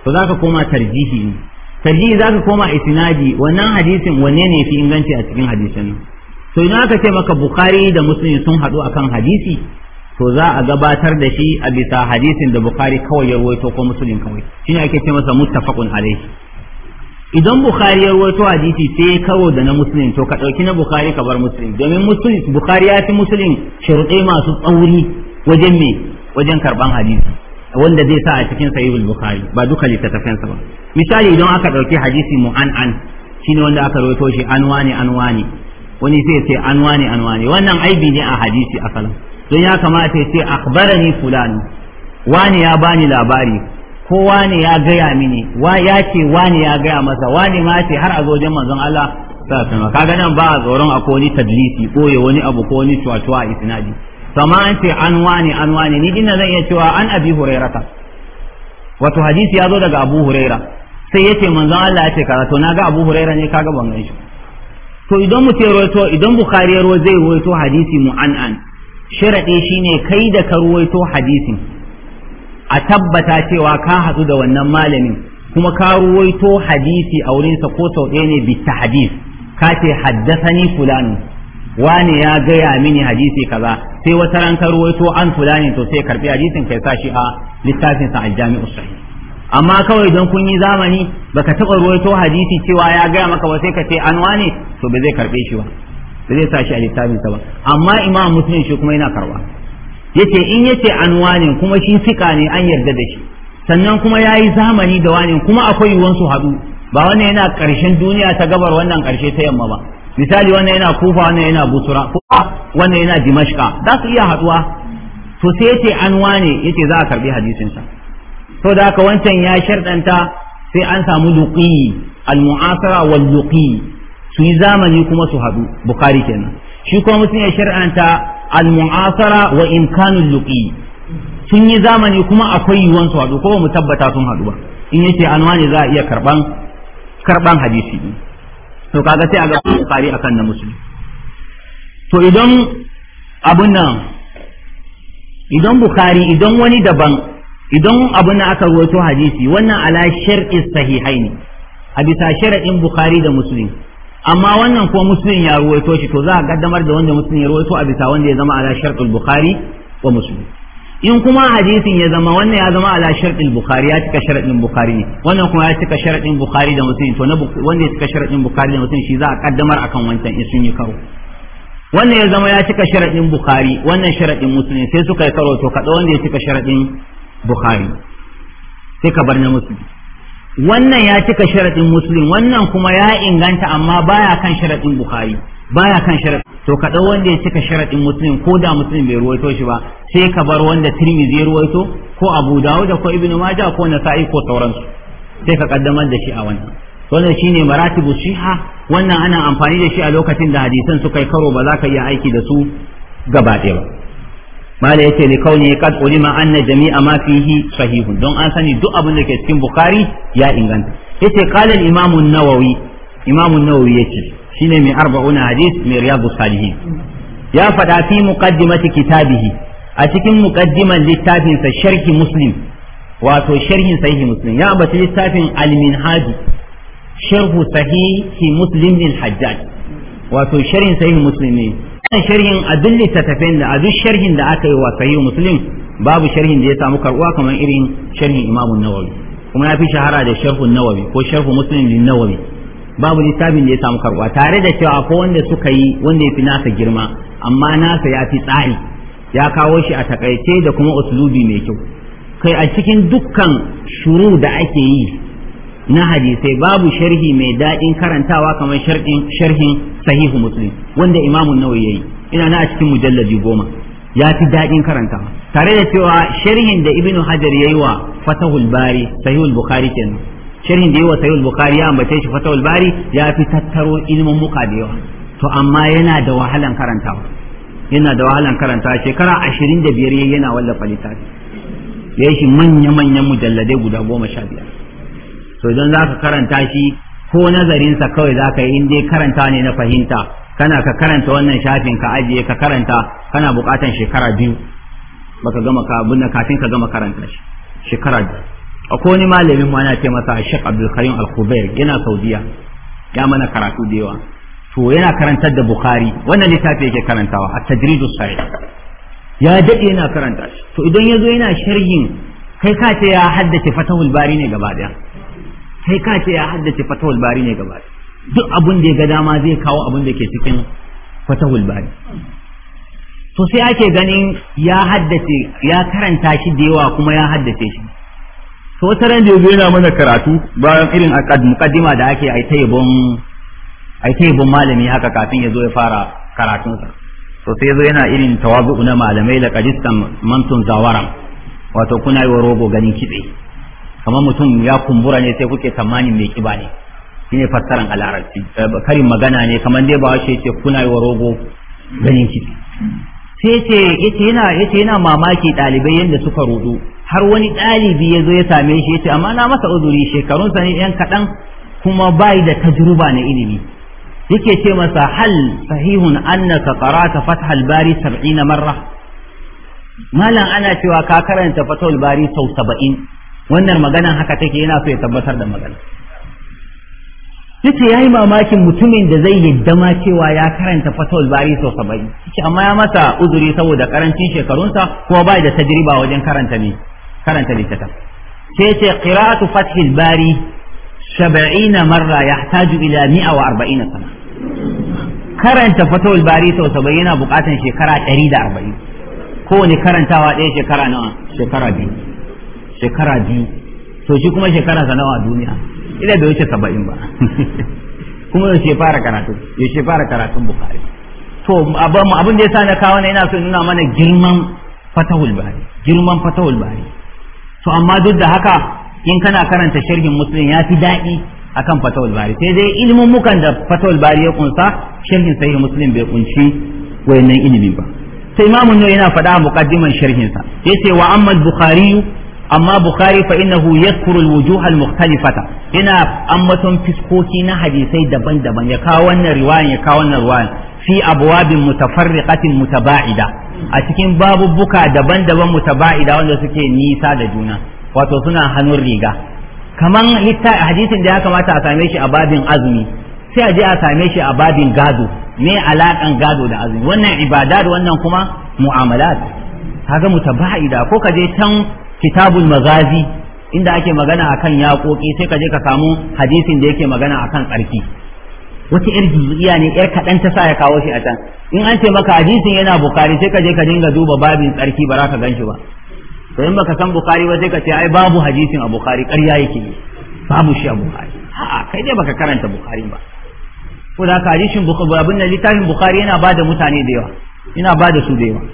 to zaka koma tarjihi ne sai za ka koma isnadi wannan hadisin wanne ne fi inganci a cikin hadisin to ina aka ce maka bukhari da muslim sun haɗu akan hadisi to za a gabatar da shi a bisa hadisin da bukhari kawai ya rawaito ko muslim kawai shine ake ce masa muttafaqun alai. idan bukhari ya rawaito hadisi sai kawo da na muslim to ka dauki na bukhari ka bar muslim domin muslim bukhari ya fi muslim sharuɗai masu tsauri wajen me wajen karban hadisi wanda zai sa a cikin sahihul bukhari ba duka littattafansa ba misali idan aka dauki hadisi mu'an'an shine wanda aka rawaito shi wani an wani sai ce an wani wannan aibi ne a hadisi asalin don ya kamata ya ce akhbarani fulani wani ya bani labari ko wani ya gaya mini wa ya ce wani ya gaya masa wani ma ce har a zojen manzon Allah sallallahu alaihi wasallam kaga nan ba a tsoron akwai wani tadlisi ko wani abu ko wani tuwa tuwa a isnadi kama an ce an wane an wane ni dinna zan iya cewa an abi hurairata wato hadisi ya zo daga abu huraira sai yace manzon Allah ya ce kaza to naga abu huraira ne kaga ban shi to idan mu rawaito idan bukhari ya zai rawaito hadisi mu an an sharadi shine kai da ka ruwaito hadisin a tabbata cewa ka hadu da wannan malamin kuma ka ruwaito hadisi a wurinsa ko sau ɗaya ne bi hadis ka ce haddasani fulani Wani ya gaya mini hadisi kaza sai wata ran karwaito an fulani to sai karbi hadisin kai sa shi a littafin sa aljami'u sahih amma kawai don kun yi zamani baka taba ruwaito hadisi cewa ya gaya maka ba sai ka ce an wani? to ba zai karbe shi ba ba zai sa shi a littafin sa ba amma imam muslim shi kuma yana karba yace in yace an wani kuma shi fika ne an yarda da shi sannan kuma ya yi zamani da wani kuma akwai yiwuwan haɗu ba wannan yana ƙarshen duniya ta gabar wannan ƙarshe ta yamma ba misali wannan yana kufa wannan yana busura wannan yana dimashka za su iya haduwa to sai yace an wane yace za a karbi hadisin sa to da haka wancan ya shardanta sai an samu luqi al mu'asara wal luqi su yi zamani kuma su hadu bukhari kenan shi kuma mutum ya shar'anta al mu'asara wa imkanul luqi sun yi zamani kuma akwai yiwuwan su hadu ko mu tabbata sun hadu ba in yace an wane za a iya karban karban hadisi to kaga sai a ga bukari akan na musulmi to idan abun nan idan bukari idan wani daban idan abun nan aka rawaito hadisi wannan ala shar'i sahihaini a bisa sharaɗin bukari da musulmi amma wannan ko muslim ya rawaito shi to za a gaddamar da wanda muslim ya rawaito a bisa wanda ya zama ala shar'ul bukhari wa muslim in kuma hadisin ya zama wannan ya zama ala sharɗin bukhari ya cika sharɗin bukhari ne wannan kuma ya cika sharɗin bukhari da musulmi to wanda ya cika sharɗin bukhari da musulmi shi za a kaddamar akan wancan in sun yi karo wannan ya zama ya cika sharɗin bukhari wannan sharɗin musulmi sai suka yi karo to kaɗa wanda ya cika sharɗin bukhari sai ka bar na musulmi wannan ya cika sharaɗin musulun wannan kuma ya inganta amma baya kan sharaɗin bukhari baya kan sharaɗi to ka ɗau wanda ya cika sharaɗin mutumin ko da mutumin bai ruwaito shi ba sai ka bar wanda tirmi zai ruwaito ko abu dawud ko ibnu maja ko nasa'i ko sauransu sai ka kaddamar da shi a wannan wannan shine maratibu siha wannan ana amfani da shi a lokacin da hadisan suka yi karo ba za ka iya aiki da su gaba ɗaya ba mala yace li kauni kad ulima anna jami'a ma fihi sahihun don an sani duk abin da ke cikin bukhari ya inganta yace qala al imam an-nawawi imam an-nawawi yace shine mai arba'una hadis mai riyadu salihin ya faɗa fi muqaddimati kitabihi a cikin muqaddiman littafinsa sharhi muslim wato sharhin sahihi muslim ya ambaci littafin al-minhaji sharhu sahihi muslim lil hajjaj wato sharhin sahihi muslim ne kan sharhin a duk littattafin da a duk sharhin da aka yi wa sahihi muslim babu sharhin da ya samu karbuwa kamar irin sharhin imamu nawawi kuma ya fi shahara da sharhu nawawi ko sharhu muslim lin nawawi babu lissafin da ya samu karbuwa tare da cewa ko wanda suka yi wanda ya fi nasa girma amma nasa ya fi tsari ya kawo shi a takaice da kuma uslubi mai kyau kai a cikin dukkan shuru da ake yi na hadisai babu sharhi mai daɗin karantawa kamar sharhin sahihu muslim wanda imamu nawawi yayi ina na a cikin mujallaji goma ya fi daɗin karantawa tare da cewa sharhin da ibnu hajar yayi wa fatahul bari sahihul bukhari kenan sharhin da yawa sayyid bukhari ya ambace shi fatawul bari ya fi tattaro ilimin muka da yawa to amma yana da wahalan karantawa yana da wahalan karantawa shekara ashirin da biyar yana wallafa littafi ya yi shi manya-manyan mujalladai guda goma sha biyar to idan za ka karanta shi ko nazarinsa kawai za ka yi in dai karanta ne na fahimta kana ka karanta wannan shafin ka ajiye ka karanta kana buƙatan shekara biyu baka gama ka abin kafin ka gama karanta shi shekara biyu akwai wani malamin ma ya ce masa a Sheikh Abdul Karim al yana Saudiya ya mana karatu da yawa to yana karantar da Bukhari wannan littafi yake karantawa a tajrid Sahih ya dade yana karanta shi to idan ya zo yana sharhin kai ka ce ya haddace Fatahul Bari ne gaba daya kai ka ce ya haddace Fatahul Bari ne gaba daya duk abin da ya ga dama zai kawo abin da ke cikin Fatahul Bari to sai ake ganin ya haddace ya karanta shi da yawa kuma ya haddace shi so wata ran da yana mana karatu bayan irin aqad da ake ai tayyibun ai malami haka kafin ya zo ya fara karatun sa so sai zo yana irin tawazu na malamai da kajistan mantun zawaran wato kuna yi wa rogo ganin kitse kamar mutum ya kumbura ne sai kuke tamanin mai kiba ne shine fassaran al'arabci eh, karin magana ne kamar dai ba shi ce kuna yi wa rogo ganin kitse sai ce yace yana yace yana mamaki dalibai yanda suka rudu har wani ɗalibi ya zo ya same shi ya ce amma na masa uzuri shekarunsa ne yan kaɗan kuma bai da tajruba na ilimi yake ce masa hal sahihun annaka qara'ta fathal bari 70 marra malam ana cewa ka karanta fathal bari sau 70 wannan maganan haka take yana so ya tabbatar da magana yace yayi mamakin mutumin da zai yadda ma cewa ya karanta fathul bari sau saba'in amma ya masa uzuri saboda karancin shekarunsa kuma bai da tajriba wajen karanta ne karanta littafin sai ce qira'atu fathil bari 70 marra yahtaju ila 140 sana karanta fathul bari sau 70 yana bukatan shekara 140 kowane karantawa ɗaya shekara nawa shekara biyu shekara biyu to shi kuma shekara sa nawa a duniya ila bai wuce 70 ba kuma yaushe fara karatu yaushe fara karatun bukari to abin da yasa na kawo na yana so nuna mana girman fatahul bari girman fatahul bari to amma duk da haka in kana karanta sharhin muslim ya fi daɗi akan fatawul bari sai dai ilimin mukan da fatawul bari ya kunsa sharhin sahih muslim bai kunshi wayannan ilimin ba sai imamu nawawi yana faɗa a muqaddiman sharhin sa yace wa amma bukhari amma bukhari fa innahu yadhkuru al-wujuh al-mukhtalifata yana ammaton fiskoki na hadisai daban-daban ya kawo wannan riwayan ya kawo wannan riwayan fi abwabin mutafarriqatin mutaba'ida a cikin babubbuka daban-daban mutaba'ida wanda suke nisa da juna wato suna hannun riga kaman litta hadisin da ya kamata a same shi a babin azumi sai a je a same shi a babin gado me alakan gado da azumi wannan ibada da wannan kuma mu'amalat kaga mutaba'ida ko ka je can kitabul magazi inda ake magana akan yaƙoƙi sai ka je ka samu hadisin da yake magana akan tsarki wata yar juz'iya ne yar kaɗan ta sa ya kawo shi a can in an ce maka hadisin yana bukari sai ka je ka dinga duba babin tsarki ba za ka gan shi ba to in baka san bukari ba sai ka ce ai babu hadisin a bukari ƙarya yake ne babu shi a bukari a'a kai dai baka karanta bukari ba ko da ka hadisin abin na littafin bukari yana ba da mutane da yawa yana ba da su da yawa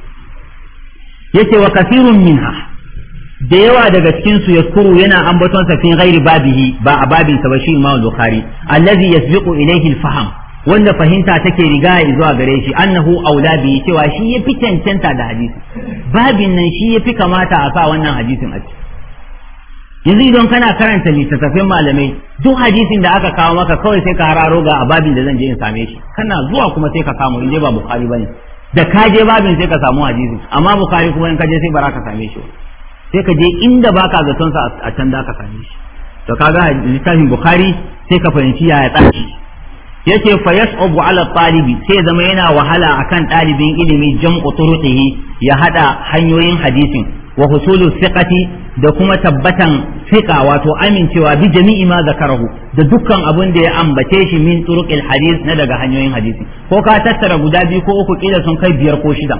yake wa kasirun minha da yawa daga cikin su yaskuru yana ambaton sa fi ghairi babihi ba a babin sa ba shi Imam Bukhari allazi yasbiqu ilayhi al-fahm wanda fahimta take riga zuwa gare shi annahu aulabi cewa shi ya fi cancanta da hadisi babin nan shi ya fi kamata a sa wannan hadisin a yanzu idan kana karanta littattafin malamai duk hadisin da aka kawo maka kawai sai ka hararo ga ababin da zan je in same shi kana zuwa kuma sai ka samu in je ba bukhari bane da ka je babin sai ka samu hadisin amma bukhari kuma in ka je sai ba ka same shi ba sai ka je inda baka zaton sa a can da ka same shi to kaga littafin bukhari sai ka fahimci yaya Ya ce fa yas'abu ala talibi sai zama yana wahala akan ɗalibin ilimi jam'u turuqihi ya hada hanyoyin hadisin wa husulu thiqati da kuma tabbatan thiqa wato amincewa bi jami'i ma zakarahu da dukkan abin da ya ambace shi min turuqil hadis na daga hanyoyin hadisi ko ka tattara guda biyu ko uku kila sun kai biyar ko shida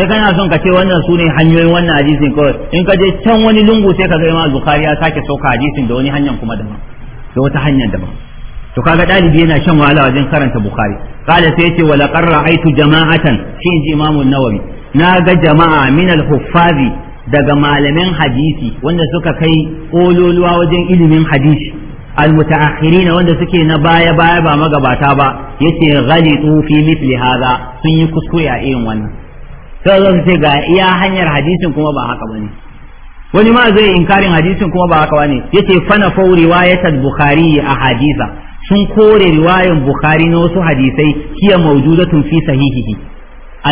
sai kana son ka ce wannan ne hanyoyin wannan hadisin kawai in ka je can wani lungu sai ka ga Imam Bukhari ya sake sauka hadisin da wani hanyar kuma daban da wata hanyar daban to kaga dalibi yana shan wahala wajen karanta bukari kala sai yace wala aitu jama'atan shi ji Imam Nawawi na ga jama'a min al-huffazi daga malamin hadisi wanda suka kai ololuwa wajen ilimin hadisi almutaakhirin wanda suke na baya baya ba magabata ba yace ghalitu fi mithli hadha sun yi kuskure a irin wannan sai zo su ce ga iya hanyar hadisin kuma ba haka bane wani ma zai inkarin hadisin kuma ba haka bane yace fana fau riwayatul bukhari a hadisa sun kore riwayan bukhari na wasu hadisai kiya mawjudatun fi sahihihi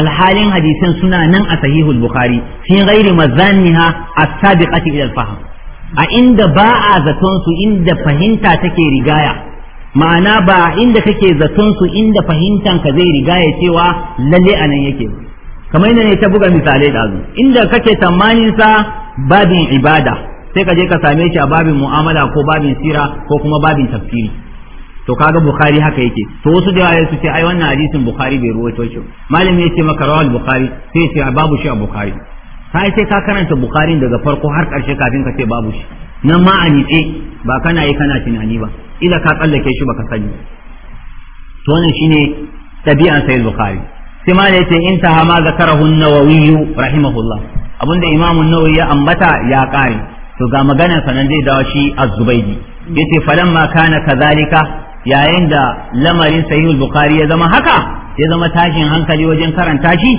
alhalin hadisan suna nan a sahihul bukhari fi ghairi mazanniha as-sabiqati ila al-fahm a inda ba a zaton su inda fahimta take rigaya ma'ana ba inda kake zaton su inda fahimtanka zai rigaya cewa lalle anan yake ba kamar yadda ne ta buga misalai da azu inda kake tamanin sa babin ibada sai ka je ka same shi a babin mu'amala ko babin sira ko kuma babin tafsiri to kaga bukhari haka yake to wasu da yawa su ce ai wannan hadisin bukhari bai ruwaito shi malami ya ce maka rawal bukhari sai ce babu shi a bukhari sai sai ka karanta bukhari daga farko har karshe kafin ka ce babu shi nan ma a nitse ba kana yi kana tunani ba ila ka tsallake shi baka sani to wannan shine tabi'an sai bukhari sai ma ne ce in ta hama zakarahu nawawiyu rahimahullah abinda imamun nawawi ya ambata ya kare to ga maganar sanan zai dawo shi az-zubaydi yace falamma kana kadhalika yayin da lamarin sahihul bukhari ya zama haka ya zama tashin hankali wajen karanta shi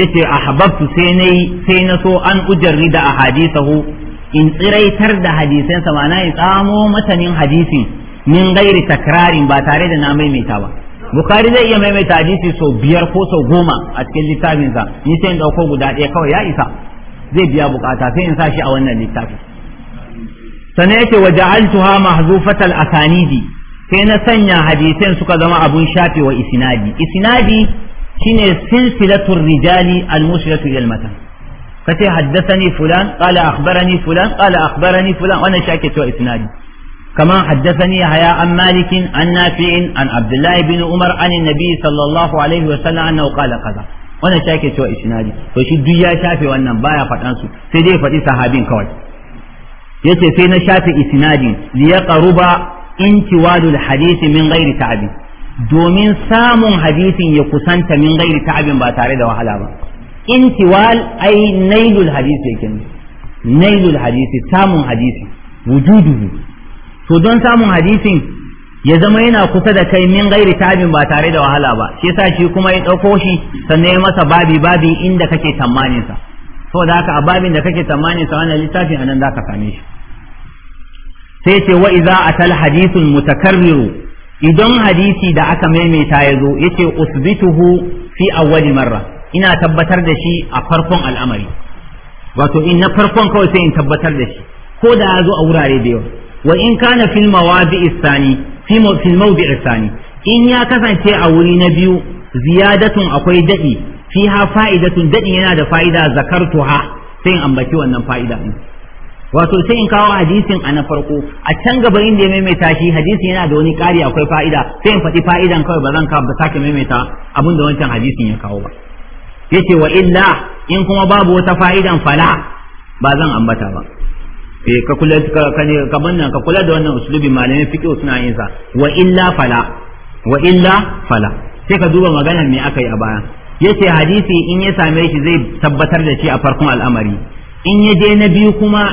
yace ahbabtu sai nayi sai na so an ujarri da ahadithahu in tsiraitar da hadisansa ma'ana in tsamo matanin hadisin min gairi takrarin ba tare da na maimaita ba Bukhari zai iya maimaita hadisi sau biyar ko sau goma a cikin littafinsa ni sai in ɗauko guda ɗaya kawai ya isa zai biya bukata sai in sa shi a wannan littafin sannan yake wa ja'altuha mahzufatal asanidi sai na sanya hadisan suka zama abun shafe wa isnadi isnadi shine silsilatul rijali al-mushratu ila al kace haddathani fulan qala akhbarani fulan qala akhbarani fulan wannan shi ake cewa isnadi كما حدثني يحيى عن an عن نافع عن عبد الله بن عمر عن النبي صلى الله عليه وسلم أنه قال كذا wannan shi ake cewa isnadi to shi duk ya shafe wannan baya faɗan su sai dai faɗi sahabin kawai yace sai na shafe isnadi li yaqruba intiwadul hadisi min ghairi ta'abin domin samun hadisin ya kusanta min gairi ta'abin ba tare da wahala ba intiwal ai nailul hadisi yake nailul hadisi samun hadisi wujuduhu to don samun hadisin ya zama yana kusa da kai min gairi tabin ba tare da wahala ba shi yasa shi kuma ya ɗauko shi sannan ya masa babi babi inda kake tsammanin sa da haka a babin da kake tamanin sa wannan littafin anan zaka same shi sai ce wa idza atal hadithul mutakarriru idan hadisi da aka maimaita ya zo yace usbituhu fi awwali marra ina tabbatar da shi a farkon al'amari wato in na farkon kawai sai in tabbatar da shi ko da ya zo a wurare da yawa wa in kana fil mawadi isani fi fil mawdi isani in ya kasance a wuri na biyu ziyadatun akwai dadi fiha fa'idatun dadi yana da fa'ida zakartuha sai in wannan fa'ida din wato sai in kawo hadisin a na farko a can gaba inda ya maimaita shi hadisin yana da wani ƙari akwai fa'ida sai in faɗi fa'idan kawai ba zan ba sake maimaita abin da wancan hadisin ya kawo ba yace wa illa in kuma babu wata fa'idan fala ba zan ambata ba eh ka kula ka ne kaman nan ka kula da wannan uslubi malamin fiqh suna yin sa wa illa fala wa illa fala sai ka duba maganar me aka yi a baya yace hadisi in ya same shi zai tabbatar da shi a farkon al'amari in ya je na biyu kuma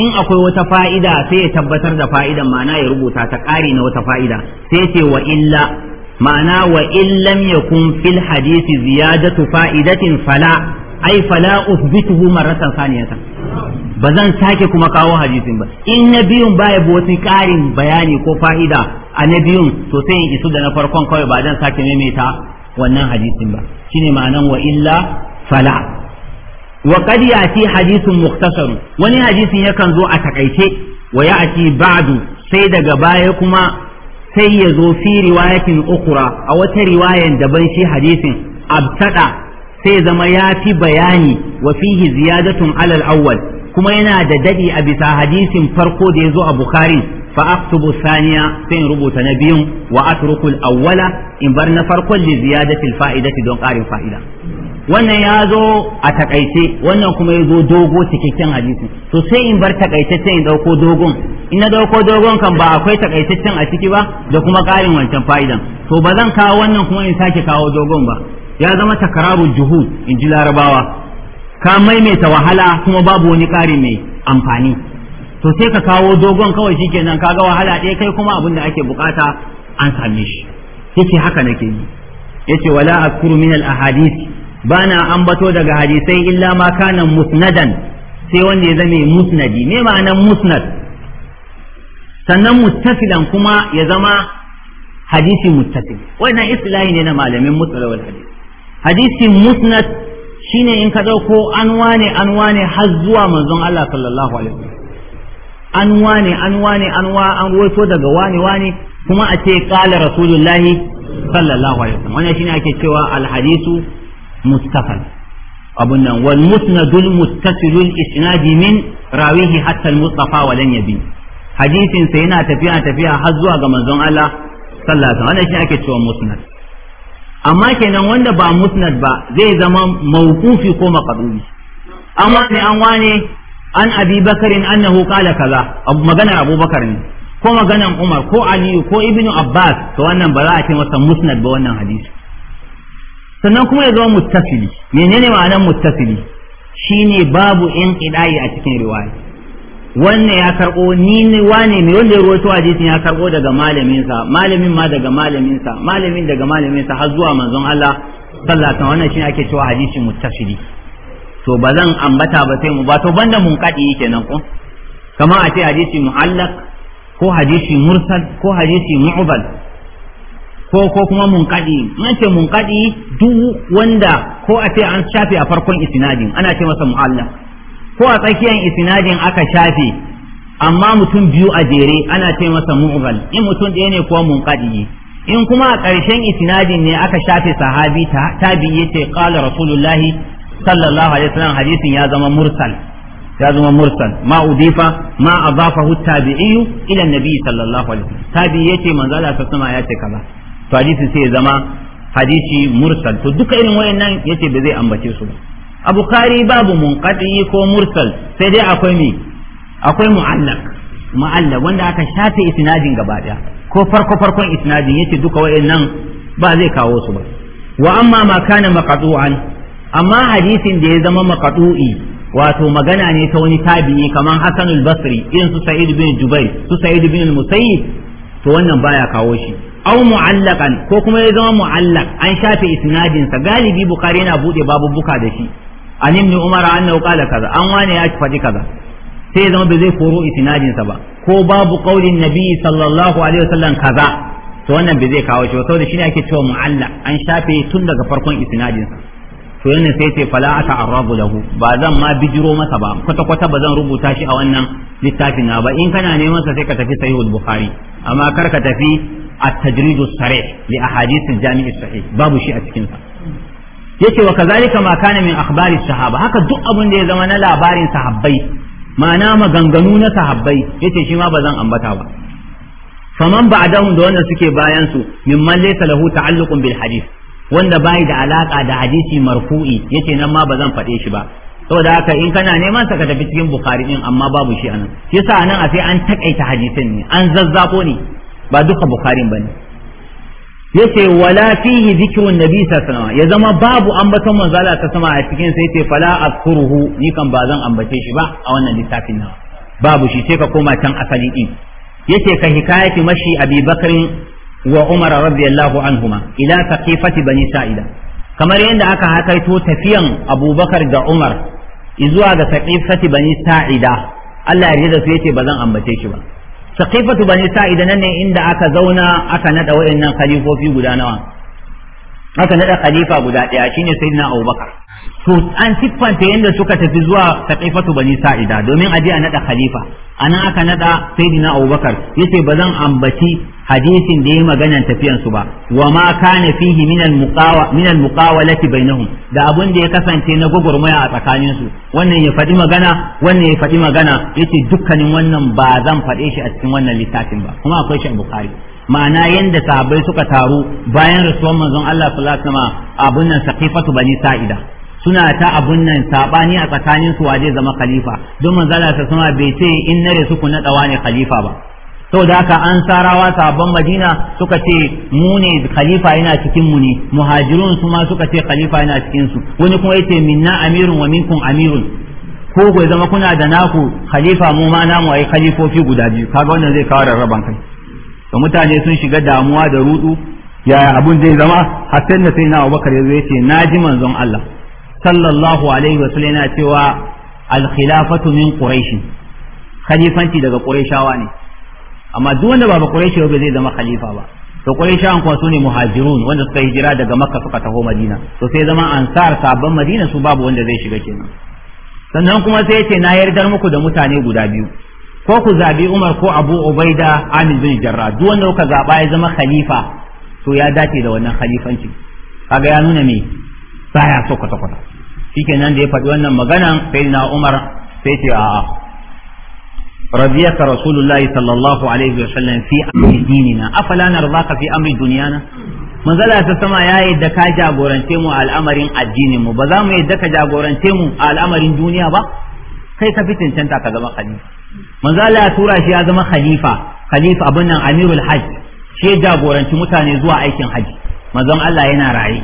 in akwai wata fa'ida sai ya tabbatar da fa'idan ma'ana ya rubuta ta ƙari na wata fa'ida sai ce wa illa ma'ana wa illam yakun fil hadisi ziyadatu fa'idatin fala ai fala uthbituhu maratan saniyata. ba zan sake kuma kawo hadisin ba in na biyun baya bi wasu ƙarin bayani ko fa'ida a na biyun to sai in isu da na farkon kawai ba zan sake maimaita wannan hadisin ba shine ma'anan wa illa fala wa qad yati hadithun mukhtasar wani hadisin yakan zo a takaice wa ya'ti ba'du sai daga baya kuma sai ya zo fi riwayatin ukura a wata riwayan daban shi hadisin abtada sai zama ya fi bayani wa fihi ziyadatun alal awwal kuma yana da dadi a bisa hadisin farko da ya zo a bukhari fa aktubu saniya sai rubuta na biyun wa atruku awwala in bar na farkon li ziyadati fa'idati don ƙarin fa'ida wannan ya zo a takaice wannan kuma ya zo dogo cikakken hadisin to sai in bar takaitaccen in dauko dogon in na dauko dogon kan ba akwai takaitaccen a ciki ba da kuma ƙarin wancan fa'idan to ba zan kawo wannan kuma in sake kawo dogon ba ya zama takararul juhud in ji larabawa ka maimaita wahala kuma babu wani ƙari mai amfani to sai ka kawo dogon kawai shi shikenan kaga wahala ɗaya kai kuma abin da ake bukata an same shi yace haka nake yi yace wala akuru min al ahadith bana ambato daga hadisai illa ma kana musnadan sai wanda ya zame musnadi me ma'anan musnad sannan muttasilan kuma ya zama hadisi muttasil wannan islahi ne na malamin mustalah wal hadisin musnad shine in ka ɗauko an wane an wane har zuwa manzon Allah sallallahu alaihi wasallam an wane an wane an wa an ruwaito daga wane wane kuma a ce qala rasulullahi sallallahu alaihi wasallam wannan shine ake cewa al hadisu mustafal abun nan wal musnadul muttasilul isnadi min rawihi hatta al mustafa wa lan yabi hadisin sai yana tafiya tafiya har zuwa ga manzon Allah sallallahu alaihi wasallam wannan shine ake cewa musnad amma kenan wanda ba musnad ba zai zama mawqufi ko maqdubi amma ne an wane an abi bakarin annahu qala kaza maganar abubakar ne ko magana umar ko aliyu ko ibnu abbas to wannan ba za a ce masa musnad ba wannan hadisi sannan kuma ya zama muttasili menene ma'anar muttasili shine babu in a cikin riwaya wanne ya karbo ni ne wane mai wanda ya rawaito hadisin ya karbo daga malamin sa malamin ma daga malamin malamin daga malamin har zuwa manzon Allah sallallahu alaihi wannan shine ake cewa hadisi muttafidi to ba zan ambata ba sai mu ba to banda yake kenan ko kamar a ce hadisi muallaq ko hadisi mursal ko hadisi mu'bal ko ko kuma munkadi mun ce munkadi duk wanda ko a ce an shafe a farkon isnadin ana ce masa muallaq ko a tsakiyar isnadin aka shafe amma mutum biyu a jere ana ce masa mu'gal in mutum ɗaya ne kuwa munqadi in kuma a ƙarshen isnadin ne aka shafe sahabi ta tabi yace qala rasulullahi sallallahu alaihi wasallam hadisin ya zama mursal ya zama mursal ma udifa ma adafahu tabi'i ila nabi sallallahu alaihi wasallam tabi yace manzo Allah sallallahu ya ce kaza to hadisin sai ya zama hadisi mursal to duka irin wayannan yace ba zai ambace su ba a Bukhari babu munqati ko mursal sai dai akwai me akwai mu'allaq wanda aka shafe isnadin gaba ko farko farkon isnadin yace duka wayannan ba zai kawo su ba wa amma ma kana maqtu'an amma hadisin da ya zama maqtu'i wato magana ne ta wani tabi'i kaman Hassanul al-Basri irin su Sa'id bin Jubair su Sa'id bin al-Musayyib to wannan baya kawo shi aw mu'allaqan ko kuma ya zama mu'allaq an shafe isnadin sa galibi bukhari yana bude babu buka da shi an ibn umar annahu da kaza an wane ya faɗi kaza sai zama bai zai koro isnadin ba ko babu qaulin nabi sallallahu alaihi wasallam kaza to wannan bai zai kawo shi ba saboda ne ake cewa mu'alla an shafe tun daga farkon isnadin to yana sai ce fala ata arrabu lahu ba zan ma bijiro masa ba kwata kwata ba zan rubuta shi a wannan littafin na ba in kana neman sa sai ka tafi sahihul bukhari amma kar ka tafi at-tajridu sarih li ahadith al-jami' sahih babu shi a cikin sa yace wa kazalika ma kana min akhbari sahaba haka duk abin da ya zama na labarin sahabbai ma'ana maganganu na sahabbai yace shi ma zan ambata ba faman ba'dahum da wanda suke bayan su mimman laysa lahu ta'alluqun bil hadith wanda bai da alaka da hadisi marfu'i yace nan ma zan faɗe shi ba saboda haka in kana neman sa ka tafi cikin bukhari din amma babu shi anan yasa anan a sai an takaita hadisin ne an zazzabo ne ba duka bukharin bane yace wala fihi zikrun nabi sallallahu ya zama babu ambaton manzo Allah ta sama a cikin sai ce fala azkuruhu ni kan ba zan ambace shi ba a wannan littafin nawa babu shi sai ka koma can asali din yace ka hikayati mashi abi Bakr wa umar radiyallahu anhuma ila taqifati bani sa'ida kamar yadda aka hakaito tafiyan abubakar da umar zuwa ga taqifati bani sa'ida Allah ya da su yace ba zan ambace shi ba saqifatu bani sa'id nan ne inda aka zauna aka nada wayannan khalifofi guda nawa aka naɗa khalifa guda ɗaya shine sayyidina Abubakar to an siffanta yadda suka tafi zuwa taqifatu bani sa'ida domin aje a naɗa khalifa anan aka naɗa sayyidina Abubakar yace ba zan ambaci hadisin da ya maganan tafiyan su ba wa ma kana fihi min al muqawa min al muqawalati bainahum da abun da ya kasance na gogurmaya a tsakanin su wannan ya faɗi magana wannan ya faɗi magana yace dukkanin wannan ba zan faɗe shi a cikin wannan littafin ba kuma akwai shi a Bukhari ma'ana yanda sahabbai suka taru bayan rasuwar manzon Allah sallallahu alaihi wasallam abun nan saqifatu bani sa'ida suna ta abun nan sabani a tsakanin su waje zama khalifa don manzon Allah sallallahu alaihi bai ce in nare su ku dawa ne khalifa ba saboda haka an sarawa sahabban Madina suka ce mu ne khalifa yana cikin mu ne muhajirun su ma suka ce khalifa yana cikin su wani kuma yace minna amirun wa minkum amirun ko ku zama kuna da naku khalifa mu ma namu ai khalifofi guda biyu kaga wannan zai kawo rarraban kai to mutane sun shiga damuwa da rudu yaya abun zai zama hatta na sai na Abubakar yazo yace ji manzon Allah sallallahu alaihi wa sallam cewa al min quraish khalifanci daga quraishawa ne amma duk wanda ba quraishi ba zai zama khalifa ba to quraishawan kuwa sune muhajirun wanda suka hijira daga makka suka taho madina to sai zama ansar sabon madina su babu wanda zai shiga kenan sannan kuma sai yace na yardar muku da mutane guda biyu ko ku zabi Umar ko Abu Ubaida Amir bin Jarrah duk wanda kuka zaba ya zama khalifa to ya dace da wannan khalifanci kaga ya nuna me baya so kwata kwata shikenan da ya faɗi wannan magana sai na Umar sai ce a'a رضيك رسول الله صلى الله عليه وسلم في أمر ديننا أفلا نرضاك في أمر دنيانا من ذلك تسمى يا يدك جاغورن تيمو الأمر الدين مو بذام يدك جاغورن تيمو الأمر دنيا با kai ka fi cancanta ka zama khalifa manzo Allah ya tura shi ya zama khalifa khalifa abin nan amirul hajj shi ya jagoranci mutane zuwa aikin hajji manzon Allah yana raye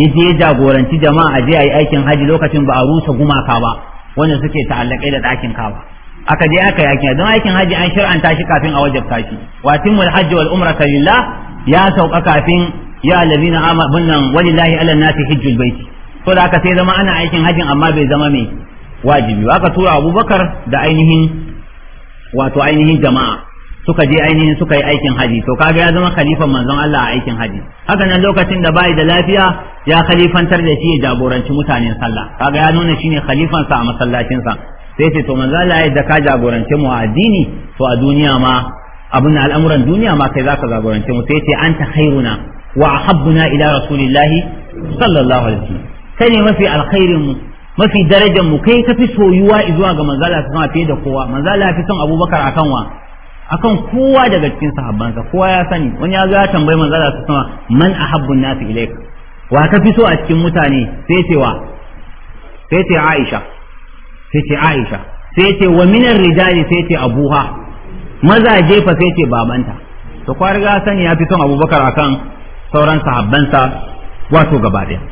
ya je ya jagoranci jama'a a je a yi aikin hajji lokacin ba a rusa gumaka ba wanda suke ta'allakai da ɗakin kaba aka je aka yi aikin don aikin hajji an shir'anta shi kafin a wajabta shi watimul hajji wal umrata lillah ya sauka kafin ya allazina amanu bunnan walillahi ala nasi hajjul baiti to da aka sai zama ana aikin hajjin amma bai zama mai wajibi aka tura abubakar da ainihin wato ainihin jama'a suka je ainihin suka yi aikin haji to kaga ya zama khalifan manzon Allah a aikin haji haka nan lokacin da bai da lafiya ya khalifantar da shi ya jagoranci mutanen sallah kaga ya nuna shine khalifan sa a masallacin sa sai ce to manzo Allah ya da ka jagorance mu a addini to a duniya ma abin al'amuran duniya ma kai zaka jagorance mu sai ce anta khairuna wa ahabbuna ila rasulillahi sallallahu alaihi wasallam kai ne mafi alkhairin mu mafi darajar mu kai ka fi soyuwa zuwa ga manzala su sama fiye da kowa manzala ya fi son abubakar akan wa akan kowa daga cikin sahabbansa kowa ya sani wani ya zo ya tambayi manzala su sama man ahabbun nasu ilaika wa ka fi so a cikin mutane sai ce wa sai ce aisha sai ce aisha sai ce wa minar rijali sai ce abuha mazaje fa sai ce babanta to kwa riga sani ya fi son abubakar akan sauran sahabbansa wato gaba daya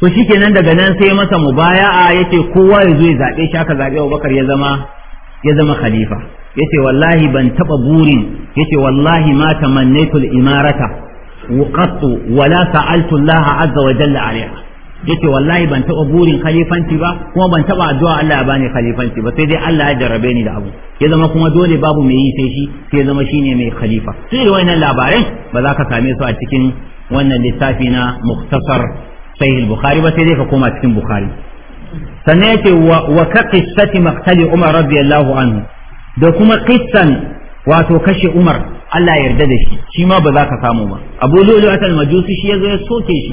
to shikenan daga nan sai masa mubaya'a yace kowa ya zo ya shi aka zabe Abubakar ya zama khalifa yace wallahi ban taba burin yace wallahi ma tamannaitu al-imarata waqattu wala sa'altu Allah azza wa jalla yace wallahi ban taba burin khalifanci ba kuma ban taba addu'a Allah ya bani khalifanci ba sai dai Allah ya jarrabe ni da abu ya zama kuma dole babu mai yi sai shi sai ya zama shine mai khalifa sai da wannan labaran ba za ka same su a cikin wannan littafi na muktasar sai bukhari ba sai dai ka koma cikin bukhari sannan yake wa ka qissati maqtali umar radiyallahu anhu da kuma qissan wato kashe umar Allah ya yarda da shi shi ma ba za ka samu ba abu lulu atal majusi shi yazo ya soke shi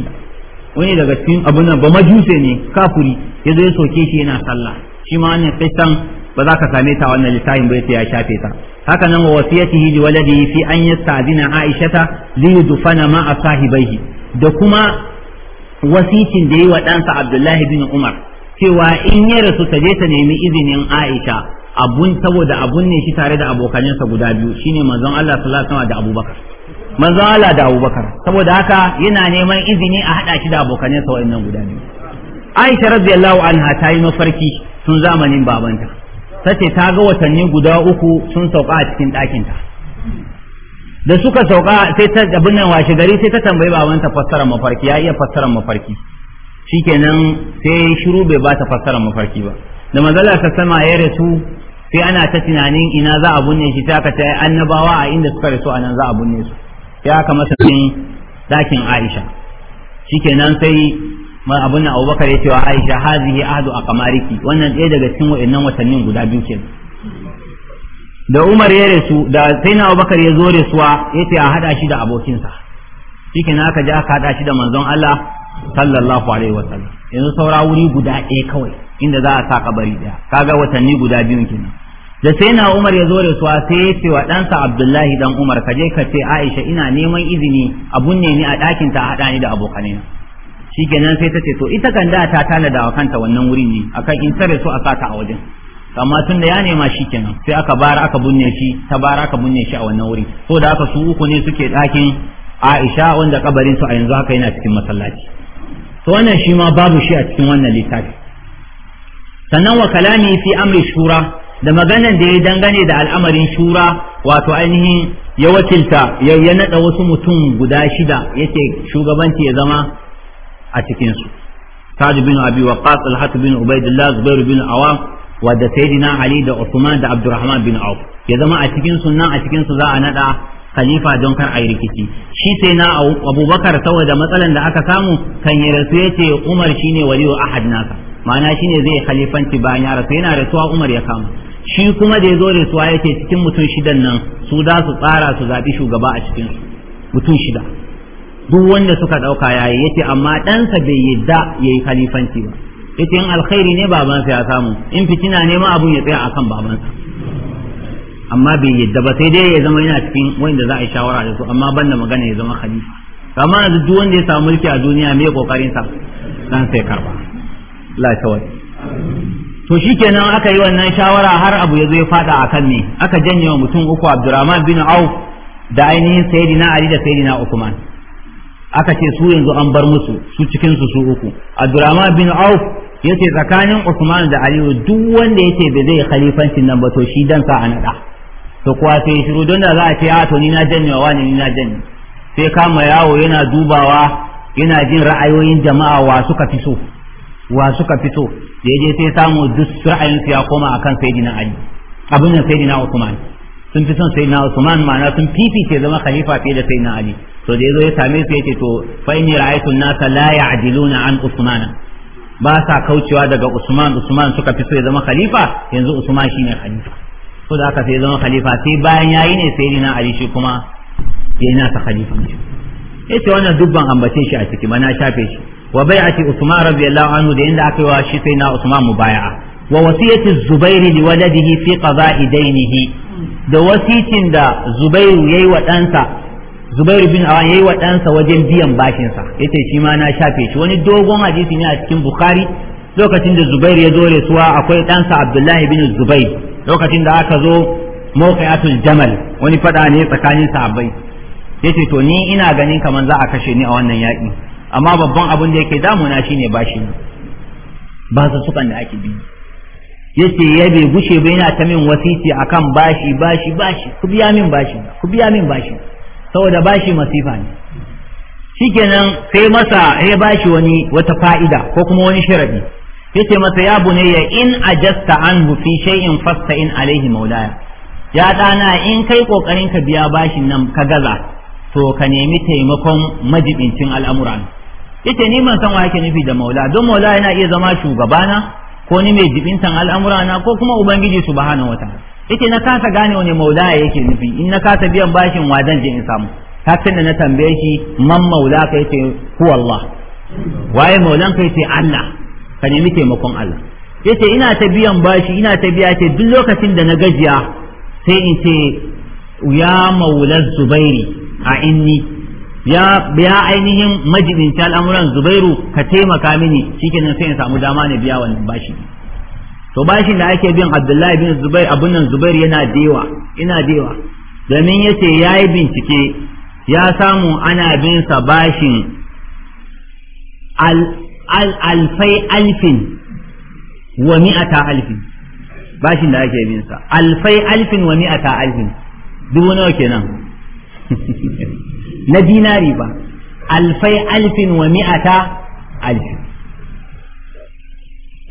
wani daga cikin abun nan ba majuse ne kafuri yazo ya soke shi yana sallah shi ma wannan qissan ba za ka same ta wannan littafin bai ya shafe ta haka nan wa wasiyatihi li waladihi fi an yasta'dina aishata li yudfana ma sahibaihi da kuma wasicin da yi wa ɗansa abdullahi bin umar cewa in ya rasu ta je ta nemi izinin aisha abun saboda abun ne shi tare da abokaninsa guda biyu shine manzon allah sallallahu alaihi da abubakar manzon allah da abubakar saboda haka yana neman izini a haɗa shi da abokanansa wa'annan guda biyu aisha radiyallahu anha ta yi mafarki tun zamanin babanta sace ta ga watanni guda uku sun sauka a cikin ɗakinta da suka sauka sai ta abin nan washe gari sai ta tambayi babanta fassara mafarki ya iya fassarar mafarki shikenan sai shiru bai ba ta fassara mafarki ba da manzala ka sama ya rasu sai ana ta tunanin ina za a bunne shi ta ka ta annabawa a inda suka rasu anan za a bunne su ya kama sanin dakin Aisha shikenan sai abun nan Abubakar ya ce wa Aisha hazihi ahdu aqmariki wannan ɗaya daga cikin wa'annan watannin guda biyu kenan da Umar ya resu da sai na Abubakar ya zo resuwa yace a hada shi da abokinsa shikenan aka ji aka hada shi da manzon Allah sallallahu alaihi wasallam yanzu saura wuri guda ɗaya kawai inda za a sa kabari ɗaya kaga watanni guda biyun kenan da sai na Umar ya zo resuwa sai ya ce wa ɗansa Abdullahi dan Umar ka je ka ce Aisha ina neman izini a ne ni a ɗakin ta hada ni da abokanai shikenan sai ta ce to ita kan da ta tana da kanta wannan wurin ne akan in ta su a sata a wajen amma tun da ya nema shi kenan sai aka bara aka binne shi ta bara aka binne shi a wannan wuri ko da aka su uku ne suke ɗakin Aisha wanda kabarin su a yanzu haka yana cikin masallaci to wannan shi ma babu shi a cikin wannan littafi sannan wa kalami fi amri shura da maganan da ya dangane da al'amarin shura wato ainihin ya wakilta ya naɗa wasu mutum guda shida yake shugabanci ya zama a cikinsu. Sa'ad bin Abi Waqqas, al bin Ubaidillah, Zubair bin Awam, wadda sayyidina ali da usman da abdurrahman bin auf ya zama a cikin sunna a cikin su za a nada khalifa don kar a yi rikici shi sai na abubakar saboda matsalan da aka samu kan yi rasu ya ce umar shine waliyu ahad nasa ma'ana shine zai khalifanci bayan ya rasu yana rasuwa umar ya kama shi kuma da ya zo rasuwa ya ce cikin mutum shidan nan su da su tsara su zaɓi shugaba a cikin mutum shida duk wanda suka ɗauka yayi yace amma ɗansa bai yadda ya yi khalifanci ba yace in alkhairi ne babansa ya samu in fitina ne ma abun ya tsaya akan babansa amma bai yadda ba sai dai ya zama yana cikin wanda za a yi shawara da su amma banda magana ya zama khalifa Kamar da duk wanda ya samu mulki a duniya mai kokarin sa dan sai karba la tawai to shikenan aka yi wannan shawara har abu ya zo ya fada akan ne aka janye wa mutum uku Abdurrahman bin Auf da ainihin Sayyidina Ali da Sayyidina Uthman aka ce su yanzu an bar musu su cikin su su uku Abdurrahman bin Auf yace tsakanin Usman da Aliyu duk wanda yace ba zai khalifancin nan ba to shi dan sa a nada to kuwa sai shiru don da za a ce a to ni na janye wa ni na janye sai kama yawo yana dubawa yana jin ra'ayoyin jama'a wa suka fito wa suka fito da yaje sai samu duk ra'ayin su ya koma akan sayyidina Ali abin nan sayyidina Usman sun fi son sayyidina Usman ma'ana sun fifice zama khalifa fiye da sayyidina Ali to da yazo ya same su yace to fa inni ra'aytu an-nasa la ya'diluna an Usmana ba sa kaucewa daga Usman Usman suka fi so ya zama khalifa yanzu Usman shine khalifa so da aka sai zama khalifa sai bayan yayi ne sai na Ali shi kuma yayi na ta khalifa yace wannan dubban ambace shi a ciki mana shafe shi wa bai'ati Usman radiyallahu anhu da inda aka yi wa shi sai na Usman mubaya'a wa wasiyati Zubair li waladihi fi qada'i dainihi da wasitin da Zubairu yayi wa ɗansa Zubair bin Awan yayi wa ɗansa wajen biyan bashin sa yace shi ma na shafe shi wani dogon hadisi ne a cikin Bukhari lokacin da Zubair ya zo rasuwa akwai ɗansa Abdullahi bin Zubair lokacin da aka zo mawqi'atul Jamal wani fada ne tsakanin sahabbai yace to ni ina ganin kaman za a kashe ni a wannan yaƙi amma babban abin da yake damuna shine bashi ba su sukan da ake bi yace ya bai gushe ba yana ta min wasiti akan bashi bashi bashi ku biya min bashi ku biya min bashi saboda ba shi masifa ne shikenan sai masa ya bashi wani wata fa'ida ko kuma wani sharadi ce masa ya bunayya in ajasta anhu fi shay'in fasta in alaihi maulaya ya dana in kai kokarin ka biya bashin nan ka gaza to ka nemi taimakon majibincin al'amura yace ni man san wa nufi da maula don maula yana iya zama shugabana ko ni mai jibintan al'amura na ko kuma ubangiji subhanahu wata. ita na kasa gane wani maula yake nufi in na kasa biyan bashin wa zan je in samu hakan da na tambaye shi man maula ka yace ku Allah waye maulan ka ce Allah ka nemi taimakon Allah yace ina ta biyan bashi ina ta biya ce duk lokacin da na gajiya sai in ce ya maula Zubairi a inni ya biya ainihin majibinci al'amuran Zubairu ka taimaka mini shikenan sai in samu dama na biya wannan bashi to bashin da ake bin abdullahi bin zubair abun nan zubair yana dewa ina dewa domin ya ce ya yi bincike ya samu ana bin sa bashin alfai alfin wa mi'ata alfin bashin da ake bin sa alfai alfin wa mi'ata alfin dubu nawa kenan na dinari ba alfai alfin wa mi'ata alfin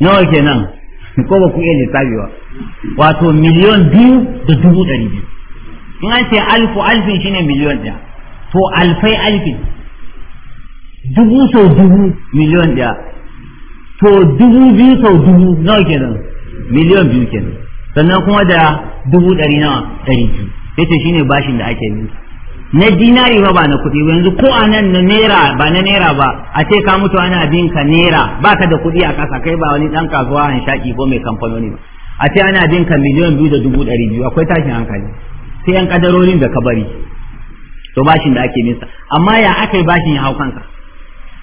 nawa kenan ko ba ku iya lissafi ba wato miliyon biyu da dubu ɗari biyu in an ce alfu alfin shine miliyon ɗaya to alfai alfin dubu sau dubu miliyon ɗaya to dubu biyu sau dubu nawa kenan miliyon biyu kenan sannan kuma da dubu ɗari nawa ɗari biyu yace shine bashin da ake nufi na dinari ba ba na kuɗi yanzu ko a nan na naira ba na naira ba a ce ka mutu ana ka naira ba ka da kuɗi a ƙasa kai ba wani ɗan kasuwa an shaƙi ko mai kamfanoni ba a ce ana ka miliyan biyu da dubu ɗari biyu akwai tashin hankali sai yan ƙadarorin da ka bari to bashin da ake minsa amma ya aka yi bashin ya hau kansa.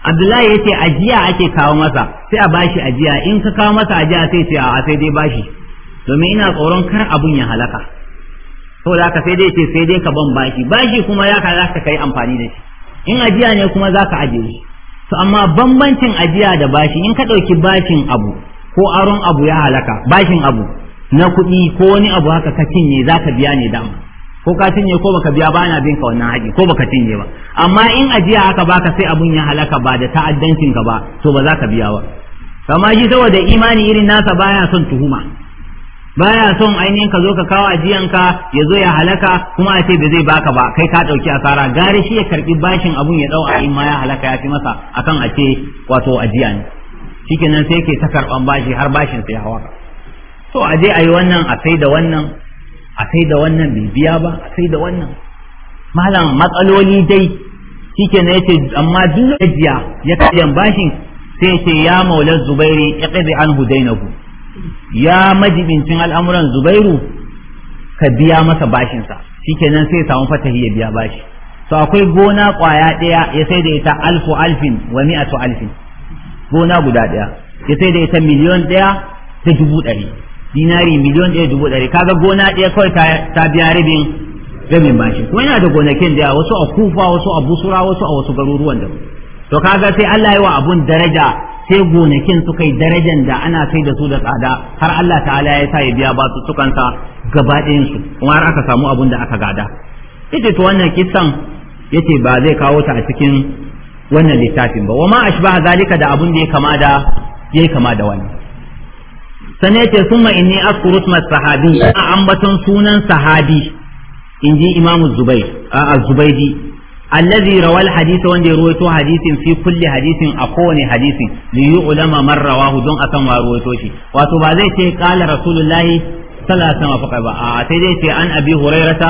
Abdullahi ya ce ajiya ake kawo masa sai a bashi ajiya in ka kawo masa ajiya sai sai a sai dai bashi domin ina tsoron kar abun ya halaka saboda haka sai dai ce sai dai ka ban bashi bashi kuma ya ka za ka kai amfani da shi in ajiya ne kuma za ka ajiye shi to amma bambancin ajiya da bashi in ka ɗauki bashin abu ko aron abu ya halaka bashin abu na kuɗi ko wani abu haka ka cinye za ka biya ne dama ko ka cinye ko baka biya ba na bin ka wannan haƙi ko baka cinye ba amma in ajiya haka baka sai abun ya halaka ba da ta'addancin ka ba to ba za ka biya ba kama shi saboda imani irin nasa baya son tuhuma baya son ainihin ka zo ka kawo ajiyanka ya zo ya halaka kuma a ce bai zai baka ba kai ka dauki asara gari shi ya karbi bashin abun ya dau a in ma ya halaka ya fi masa akan a ce wato ajiya ne shikenan sai ke ta karban bashi har bashin sai hawa to a je a yi wannan a sai da wannan a sai da wannan bai biya ba a sai da wannan malam matsaloli dai shikenan yace amma duk ajiya ya karyan bashin sai ce ya maula zubairi ya qadi anhu dainahu ya majibincin al'amuran zubairu ka biya masa bashinsa shikenan sai samu fatahi ya biya bashi to akwai gona kwaya ɗaya ya sai da ita alfu alfin wa mi'atu alfin gona guda ɗaya ya sai da ita miliyon ɗaya da dubu ɗari dinari miliyon ɗaya dubu ɗari kaga gona ɗaya kawai ta biya rabin rabin bashi kuma yana da gonakin da wasu a kufa wasu a busura wasu a wasu garuruwan da to kaga sai Allah ya wa abun daraja sai gonakin suka yi darajan da ana sai da su da tsada har Allah ta'ala ya sa ya biya ba su tukansa gaba su kuma har aka samu abun da aka gada ita to wannan kisan yace ba zai kawo ta a cikin wannan littafin ba wa ma ashbaha zalika da abun da ya kama da yayi kama da wani sannan yace summa inni azkuru isma sahabi a ambaton sunan sahabi inji imamu zubair a zubaidi allazi rawal hadisi wanda ya rawaito hadisin fi kulli hadisin a kowane hadisin li yu'lama man rawahu don akan wa rawaito wato ba zai ce qala rasulullahi sallallahu alaihi wasallam fa ba a sai dai ce an abi hurairata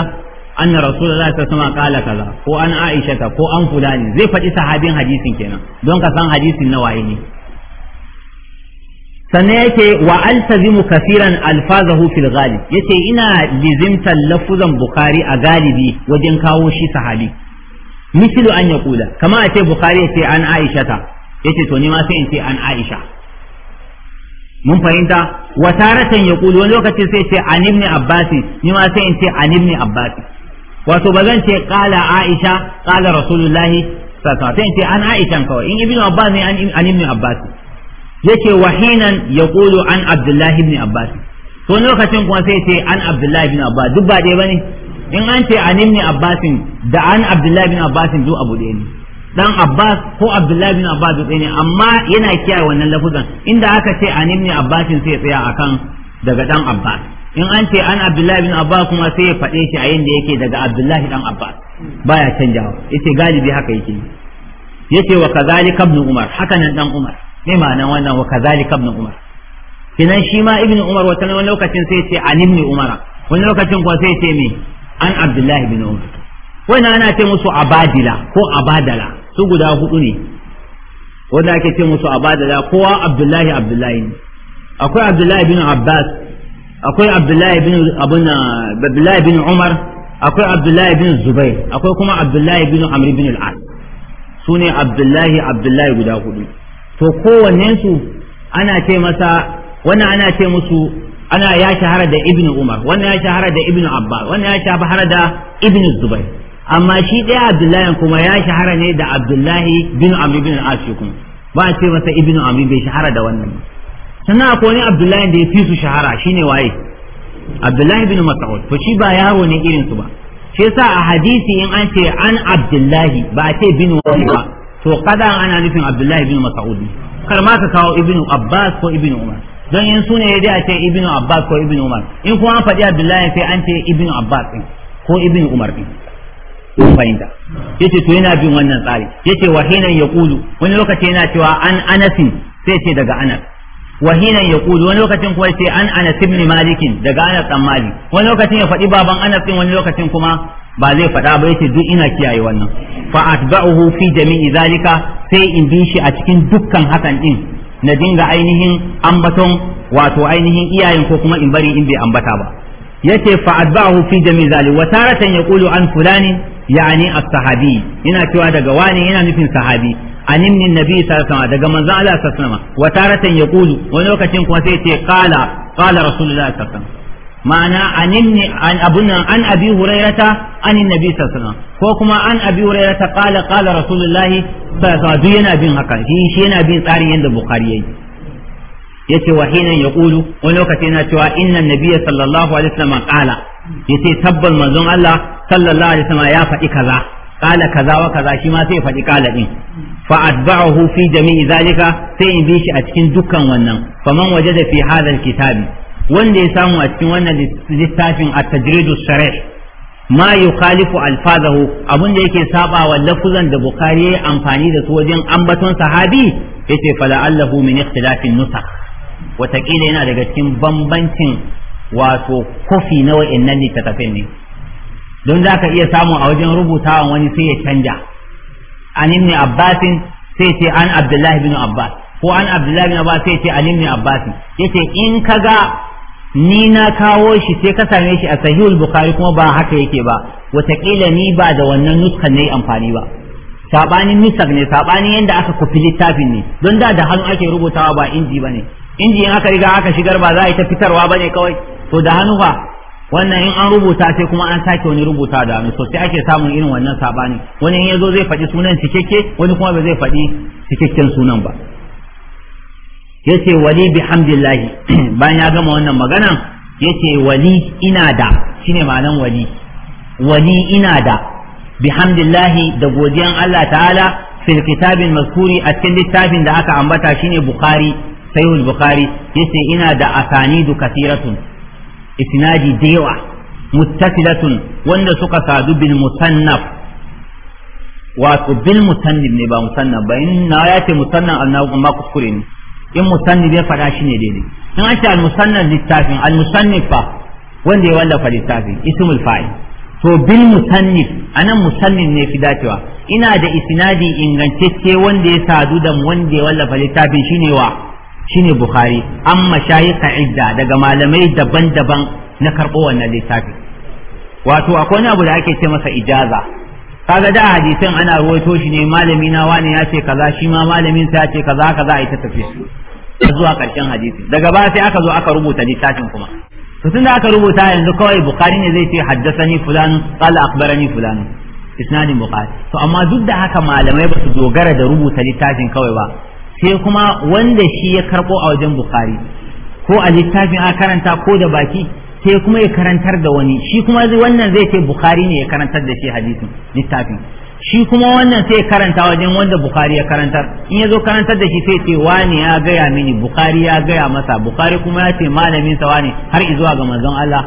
anna rasulullahi sallallahu alaihi wasallam qala kaza ko an aisha ko an fulani zai faɗi sahabin hadisin kenan don ka san hadisin na waye ne sannan yake wa altazimu kafiran alfazahu fil ghalib yace ina lizimtan lafuzan bukhari a galibi wajen kawo shi sahabi mislu an ya kula kama a ce bukhari ya ce an aisha ta ya ce to ni ce an aisha mun fahimta wa taratan ya kulu wani lokaci sai an ibni abbasi ni in ce an ibni abbasi wato ba zan ce aisha qala rasulullahi sallallahu sai ce an aisha kawai in ibnu abbas an ibni abbasi yace wahinan ya kulu an abdullahi wani lokacin kuma sai an abdullahi duk ba dai bane in an ce an ibn abbasin da an abdullahi bin abbasin duk abu ɗaya ne dan abbas ko abdullahi bin abbas duk ne amma yana kiyaye wannan lafuzan inda aka ce an ibn abbasin sai tsaya akan daga dan abbas in an ce an abdullahi bin abbas kuma sai ya faɗe shi a yanda yake daga abdullahi dan abbas baya canjawa yace galibi haka yake yace wa kazalika ibn umar haka nan dan umar me ma'anan wannan wa kazalika ibn umar kenan shi ma ibn umar wata wani lokacin sai ce an ibn umara wani lokacin kuwa sai ce me an abdullahi bin umar wannan ana ce musu abadila ko abadala su guda hudu ne wanda ake ce musu abadala kowa abdullahi abdullahi ne akwai abdullahi bin abbas akwai abdullahi bin abun abdullahi bin umar akwai abdullahi bin zubair akwai kuma abdullahi bin Amri bin al-as sune abdullahi abdullahi guda hudu to kowannen su ana ce masa wannan ana ce musu ana ya shahara da ibnu umar wannan ya shahara da ibnu abbas wannan ya shahara da ibnu zubair amma shi ɗaya abdullahi kuma ya shahara ne da abdullahi bin amri bin al kuma ba a ce masa ibnu amri bai shahara da wannan ba sannan akwai wani abdullahi da ya fi su shahara shine waye abdullahi bin mas'ud to shi ba yaro ne irin su ba shi yasa a hadisi in an ce an abdullahi ba a ce bin wani ba to kada ana nufin abdullahi bin mas'ud kar ma ka kawo ibnu abbas ko ibnu umar don in sune ne a ce ibnu abbas ko ibnu umar in kuma an faɗi abdullahi sai an ce ibnu abbas din ko ibnu umar din ko fahimta yace to yana bin wannan tsari yace wahinan ya yaqulu wani lokaci yana cewa an anas sai ce daga anas wahinan ya yaqulu wani lokacin kuma ce an anas ibn malik daga anas dan malik wani lokacin ya faɗi baban anas din wani lokacin kuma ba zai faɗa ba yace duk ina kiyaye wannan fa atba'uhu fi jami'i zalika sai in bi shi a cikin dukkan hakan din na dinga ainihin ambaton wato ainihin iyayen ko kuma in bari in bai ambata ba yace fa adba'ahu fi jami' zali wa taratan yaqulu an fulani yani as-sahabi yana cewa daga wani yana nufin sahabi an ibn nabi sallallahu alaihi daga manzo Allah sallallahu alaihi wa taratan yaqulu wani lokacin kuma sai ce qala qala rasulullahi sallallahu alaihi ma'ana aninni an abunan an abi hurairata an nabi sallallahu alaihi wasallam ko kuma an abi hurairata qala qala rasulullahi sallallahu alaihi yana bin haka shi yana bin tsarin yadda bukhari yayi yace wa hina yaqulu wani lokaci yana cewa inna nabiyya sallallahu alaihi wasallam qala yace tabbal manzon Allah sallallahu alaihi wasallam ya faɗi kaza qala kaza wa kaza shi ma sai faɗi qala din fa atba'ahu fi jami'i zalika sai in bi shi a cikin dukkan wannan faman wajada fi hadha alkitabi wanda ya samu a cikin wannan littafin at-tajridus sarih ma yukhalifu alfazahu abun da yake saba wa lafuzan da bukhari ya amfani da su wajen ambaton sahabi yace fala'allahu min ikhtilafin nusakh watakila yana daga cikin bambancin wato kofi na wa'annan littattafin ne don za ka iya samu a wajen rubutawan wani sai ya canja an ibn abbasin sai ce an abdullahi bin abbas ko an abdullahi bin abbas sai ce an ibn abbas yace in kaga ni na kawo shi sai ka same shi a sahihul bukhari kuma ba haka yake ba wataƙila ni ba da wannan nuskan ne amfani ba sabanin nusak ne sabanin yanda aka kufi littafin ne don da da hannu ake rubutawa ba inji bane inji in aka riga aka shigar ba za a yi ta fitarwa bane kawai to da hannu ba wannan in an rubuta sai kuma an sake wani rubuta da hannu sosai ake samun irin wannan sabani wani in zo zai faɗi sunan cikakke wani kuma ba zai faɗi cikakken sunan ba yace wali bihamdillahi bayan ya gama wannan magana yace wali ina da shine ma'anan wali wali ina da bihamdillahi da godiyan Allah ta'ala fil kitabin mazkuri a cikin littafin da aka ambata shine bukhari sahihul bukhari yace ina da asanidu kathiratun isnadi da yawa muttasilatun wanda suka sadu bil musannaf wato bil musannif ne ba musannaf ba in na yace musannaf amma kuskure ne in musannif bai faɗa shi ne daidai in an ce al littafin al fa wanda ya wallafa littafin ismul fa'il to bil musannif anan musannif ne fi dacewa ina da isnadi ingantacce wanda ya sadu da wanda ya wallafa littafin shine wa shine bukhari amma shayikha idda daga malamai daban-daban na karɓo wannan littafin wato akwai wani abu da ake ce masa ijaza kaga da hadisin ana ruwaito shi ne malami na wani ya ce kaza shi ma malamin sa ya ce kaza kaza yi ta tafiya zuwa karshen hadisi daga baya sai aka zo aka rubuta littafin kuma to tunda aka rubuta yanzu kawai bukari ne zai ce haddasani fulan qala akhbarani fulan isnadin bukari to amma duk da haka malamai ba su dogara da rubuta littafin kawai ba sai kuma wanda shi ya karbo a wajen bukari ko a littafin a karanta ko da baki sai kuma ya karantar da wani shi kuma wannan zai ce bukari ne ya karantar da shi hadisin littafin shi kuma wannan sai karanta wajen wanda bukari ya karantar in ya zo karantar da shi sai ce wani ya gaya mini bukari ya gaya masa bukari kuma ya ce malamin sa wani har izuwa ga manzon Allah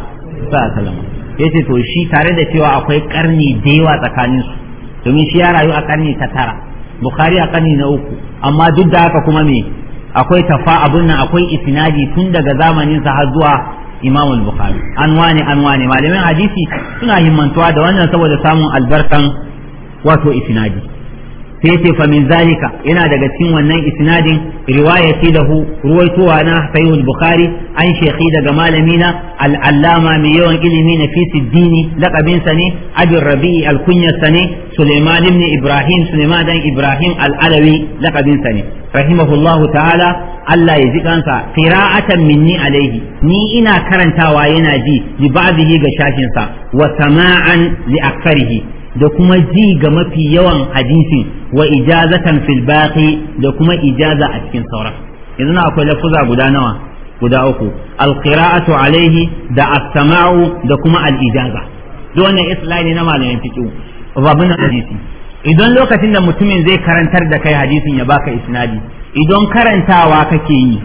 sallallahu alaihi yace to shi tare da cewa akwai karni da yawa tsakanin su domin shi ya rayu a karni ta tara bukari a karni na uku amma duk da haka kuma me akwai tafa abun nan akwai isnadi tun daga zamanin sa har zuwa imamul bukhari an wani malamin hadisi suna himmantuwa da wannan saboda samun albarkan wato isnadi sai ce fa min zalika yana daga cikin wannan isnadin riwayati lahu ruwaituwa na sahihul bukhari an shekhi daga malamina al'allama mai yawan ilimi na fi siddini laqabin sa ne abin rabi'i alkunyar sa ne suleiman ibn ibrahim suleiman dan ibrahim al'alawi laqabin sa ne rahimahullahu ta'ala Allah ya ji kansa qira'atan minni alaihi ni ina karantawa yana ji li ba'dihi ga shashin sa wa sama'an li aktharihi da kuma ji ga mafi yawan hadisin wa ijazatan fil baqi da kuma ijaza a cikin sauran yanzu na akwai lafuza guda nawa guda uku alqira'atu alaihi da as-sama'u da kuma al-ijaza duk wannan islahi ne na malamin fiqh babun hadisi idan lokacin da mutumin zai karantar da kai hadisin ya baka isnadi idan karantawa kake yi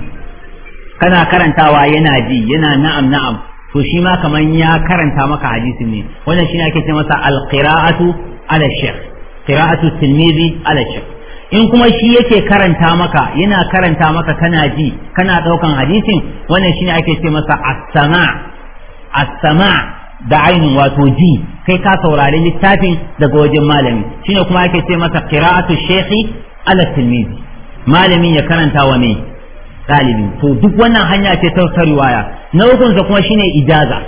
kana karantawa yana ji yana na'am na'am to shi ma kaman ya karanta maka hadisin ne wannan shine ake ce masa alqira'atu ala shaykh qira'atu tilmizi ala shaykh in kuma shi yake karanta maka yana karanta maka kana ji kana daukan hadisin wannan shine ake ce masa as-sama' as-sama' da ainihin wato ji kai ka saurari littafin daga wajen malami shine kuma ake ce masa qira'atu shaykhi ala tilmizi malamin ya karanta wa mai ɗalibi to duk wannan hanya ce ta riwaya na hukunsa kuma shine ijaza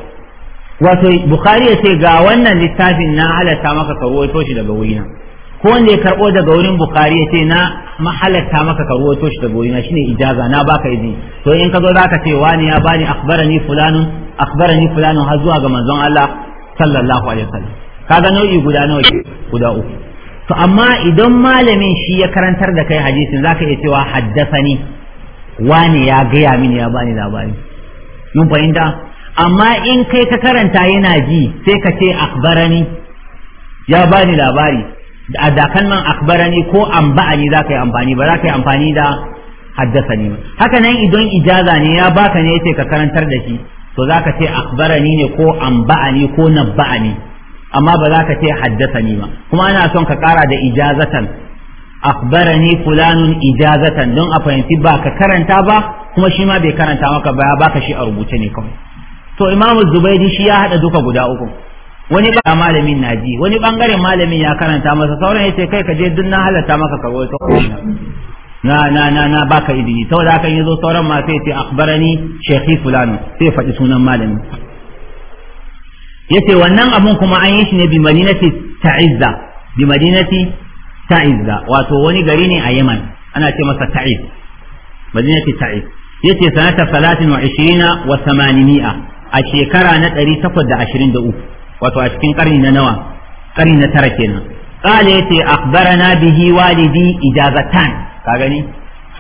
wato bukhari ya ce ga wannan littafin na halatta maka ka ruwaito shi daga wurina ko wanda ya karbo daga wurin bukhari ya ce na mahalatta maka ka ruwaito shi daga wurina shine ijaza na baka izini to in ka zo zaka ce wani ya bani akhbarani fulanun akhbarani fulanun har zuwa ga manzon Allah sallallahu alaihi wasallam kaga nau'i guda nawa guda uku to amma idan malamin shi ya karantar da kai hadisin zaka iya cewa haddasani wani ya gaya mini ya bani labari mun fahimta amma in kai ka karanta yana ji sai ka ce akbarani ya bani labari a dakan nan akbarani ko an ba'ani za ka yi amfani ba za ka yi amfani da haddasani ba haka nan idan ijaza ne ya baka ne yace ka karantar da shi to za ka ce akbarani ne ko an ba'ani ko nabba'ani amma ba za ka ce haddasani ba kuma ana son ka kara da ijazatan akbarani fulanun ijazatan don a fahimci ba ka karanta ba kuma shi ma bai karanta maka ba baka shi a rubuce ne kawai to imamu zubairi shi ya hada duka guda uku wani ba malamin na ji wani bangaren malamin ya karanta masa sauran yace kai ka je duk na halatta maka ka rawaito na na na na baka idini saboda haka yazo sauran ma sai ce akhbarani shaykhi fulano sai faɗi sunan malamin yace wannan abun kuma an yi shi ne bi madinati ta'izza bi madinati ta'izza wato wani gari ne a Yaman ana ce masa ta'iz madinati ta'iz yace sanata salatin wa ishirina wa samanini'a a shekara na ɗari takwas da ashirin da uku wato a cikin ƙarni na nawa ƙarni na tara kenan ƙala yace akhbarana bihi walidi ijazatan ka gani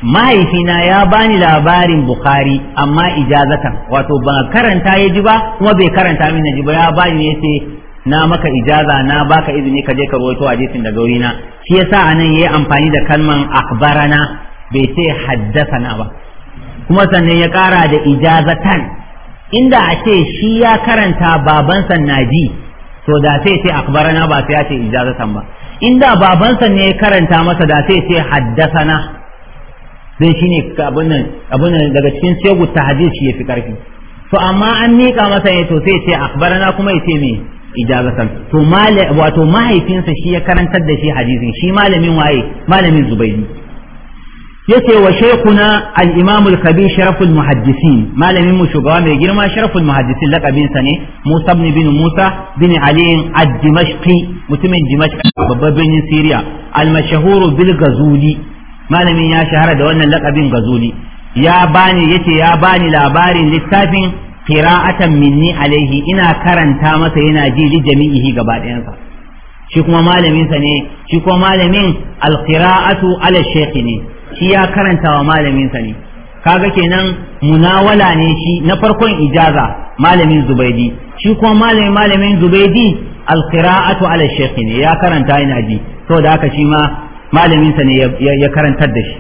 mahaifina ya bani labarin bukhari amma ijazatan wato ba karanta ya ji ba kuma bai karanta min ji ba ya bani ne ce na maka ijaza na baka izini ka je ka rawaito hadisin daga wurina shi yasa anan ya yi amfani da kalman akbarana bai ce na ba kuma sannan ya ƙara da ijazatan inda a ce shi ya karanta babansa na ji to da sai ce akbarana ba sai ya ce ijazatan ba inda babansa ne ya karanta masa da sai ce haddasana shi shine abin nan abin nan daga cikin shegu tahdid shi yafi karfi to amma an mika masa ne to sai ce akbarana kuma ya ce me ijazatan to wato mahaifinsa shi ya karantar da shi hadisin shi malamin waye malamin zubairi yace wa shaykhuna al-imam al-kabir sharaf al-muhaddisin malamin mu shugaba mai girma sharaf al-muhaddisin lakabin sa ne Musa ibn bin Musa bin Ali ad-Dimashqi mutumin Dimashq babban birnin Syria al-mashhur bil Ghazuli malamin ya shahara da wannan lakabin Ghazuli ya bani yace ya bani labarin littafin qira'atan minni alaihi ina karanta masa yana ji li jami'ihi gaba ɗayansa shi kuma malamin sa ne shi kuma malamin al-qira'atu ala shaykh ne shi ya karanta wa malaminsa ne kaga kenan munawala ne shi na farkon ijaza malamin zubaidi shi kuma malamin malamin zubaidi alqira'atu ala shaykh ne ya karanta ina ji to da haka shi ma malaminsa ne ya karantar da shi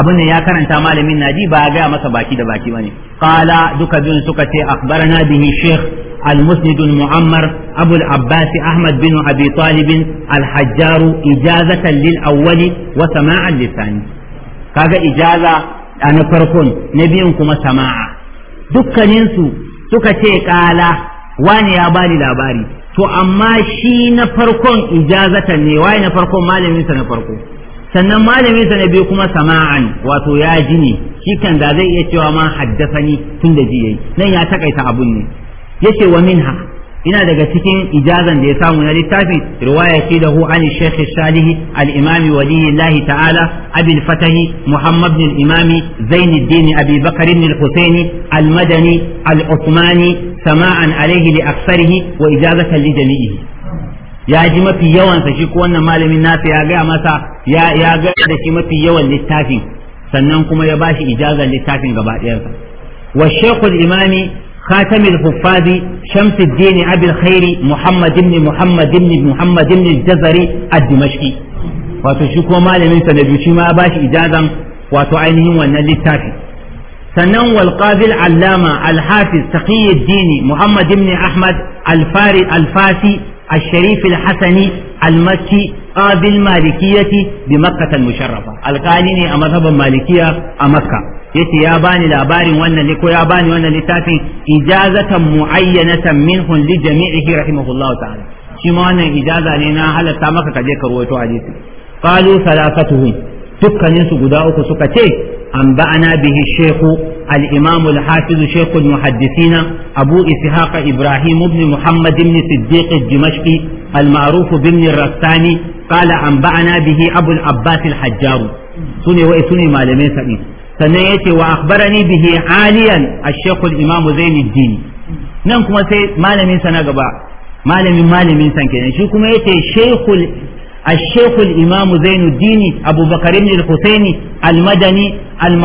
abin ne ya karanta malamin naji ba ga masa baki da baki bane qala duka biyun suka ce akhbarana bihi shaykh المسند المعمر أبو العباس أحمد بن أبي طالب الحجار إجازة للأول وسماعا للثاني kaga ijaza a na farkon na biyun kuma sama'a dukkaninsu suka ce kala wani ya bani labari to amma shi na farkon ijazatan ne wani na farkon malaminsa na farko sannan malaminsa na biyu kuma sama'an wato ya ji ne shi kan da zai iya cewa ma haddasa ni tun da ji yi nan ya takaita abun ne yace wa ha. ina daga cikin ijazan da ya samu na littafi riwaya ce da hu an shaykh salih al imam waliyullah ta'ala abin fatahi muhammad bin al imami zainuddin abi bakr bin al al madani al usmani sama'an alaihi li aksarihi wa ijazatan li jami'i. ya ji mafi yawan sa shi ko wannan malamin nasa ya ga masa ya ya ga da shi mafi yawan littafin sannan kuma ya bashi ijazan littafin gaba ɗayansa wa shaykh al imami خاتم الحفاظ شمس الدين أبي الخير محمد بن محمد بن محمد بن الجزري الدمشقي wato shi kuma malamin sa na biyu shi ma ba shi ijazan wato ainihin wannan littafi sannan wal qazil allama al hafiz taqiyuddin muhammad ibn ahmad al farid al fasi al hasani al makki qabil malikiyyati bi makkah al musharrafa alqani ne a mazhaban malikiya a makka yace ya bani labarin wannan ne ko ya bani wannan littafin ijazatan muayyanatan minhu li jami'ihi rahimahullahu ta'ala shi ma wannan ijaza ne na halatta maka kaje ka ruwaito hadisi qalu salasatuhum dukkanin su guda uku suka ce an ba'ana bihi shaykhu al-imam al-hafiz shaykh abu ishaq ibrahim ibn muhammad ibn siddiq al-dimashqi al-ma'ruf ibn al-rastani قال أنبأنا به أبو العباس sune سنة sune ما لم sannan ya ce wa akhbarani bihi aliyan ash-shaykh al nan kuma sai malamin na gaba malamin malamin kenan shi kuma yace shaykhul ash-shaykh al-imam zainuddin abubakar ibn al-husaini al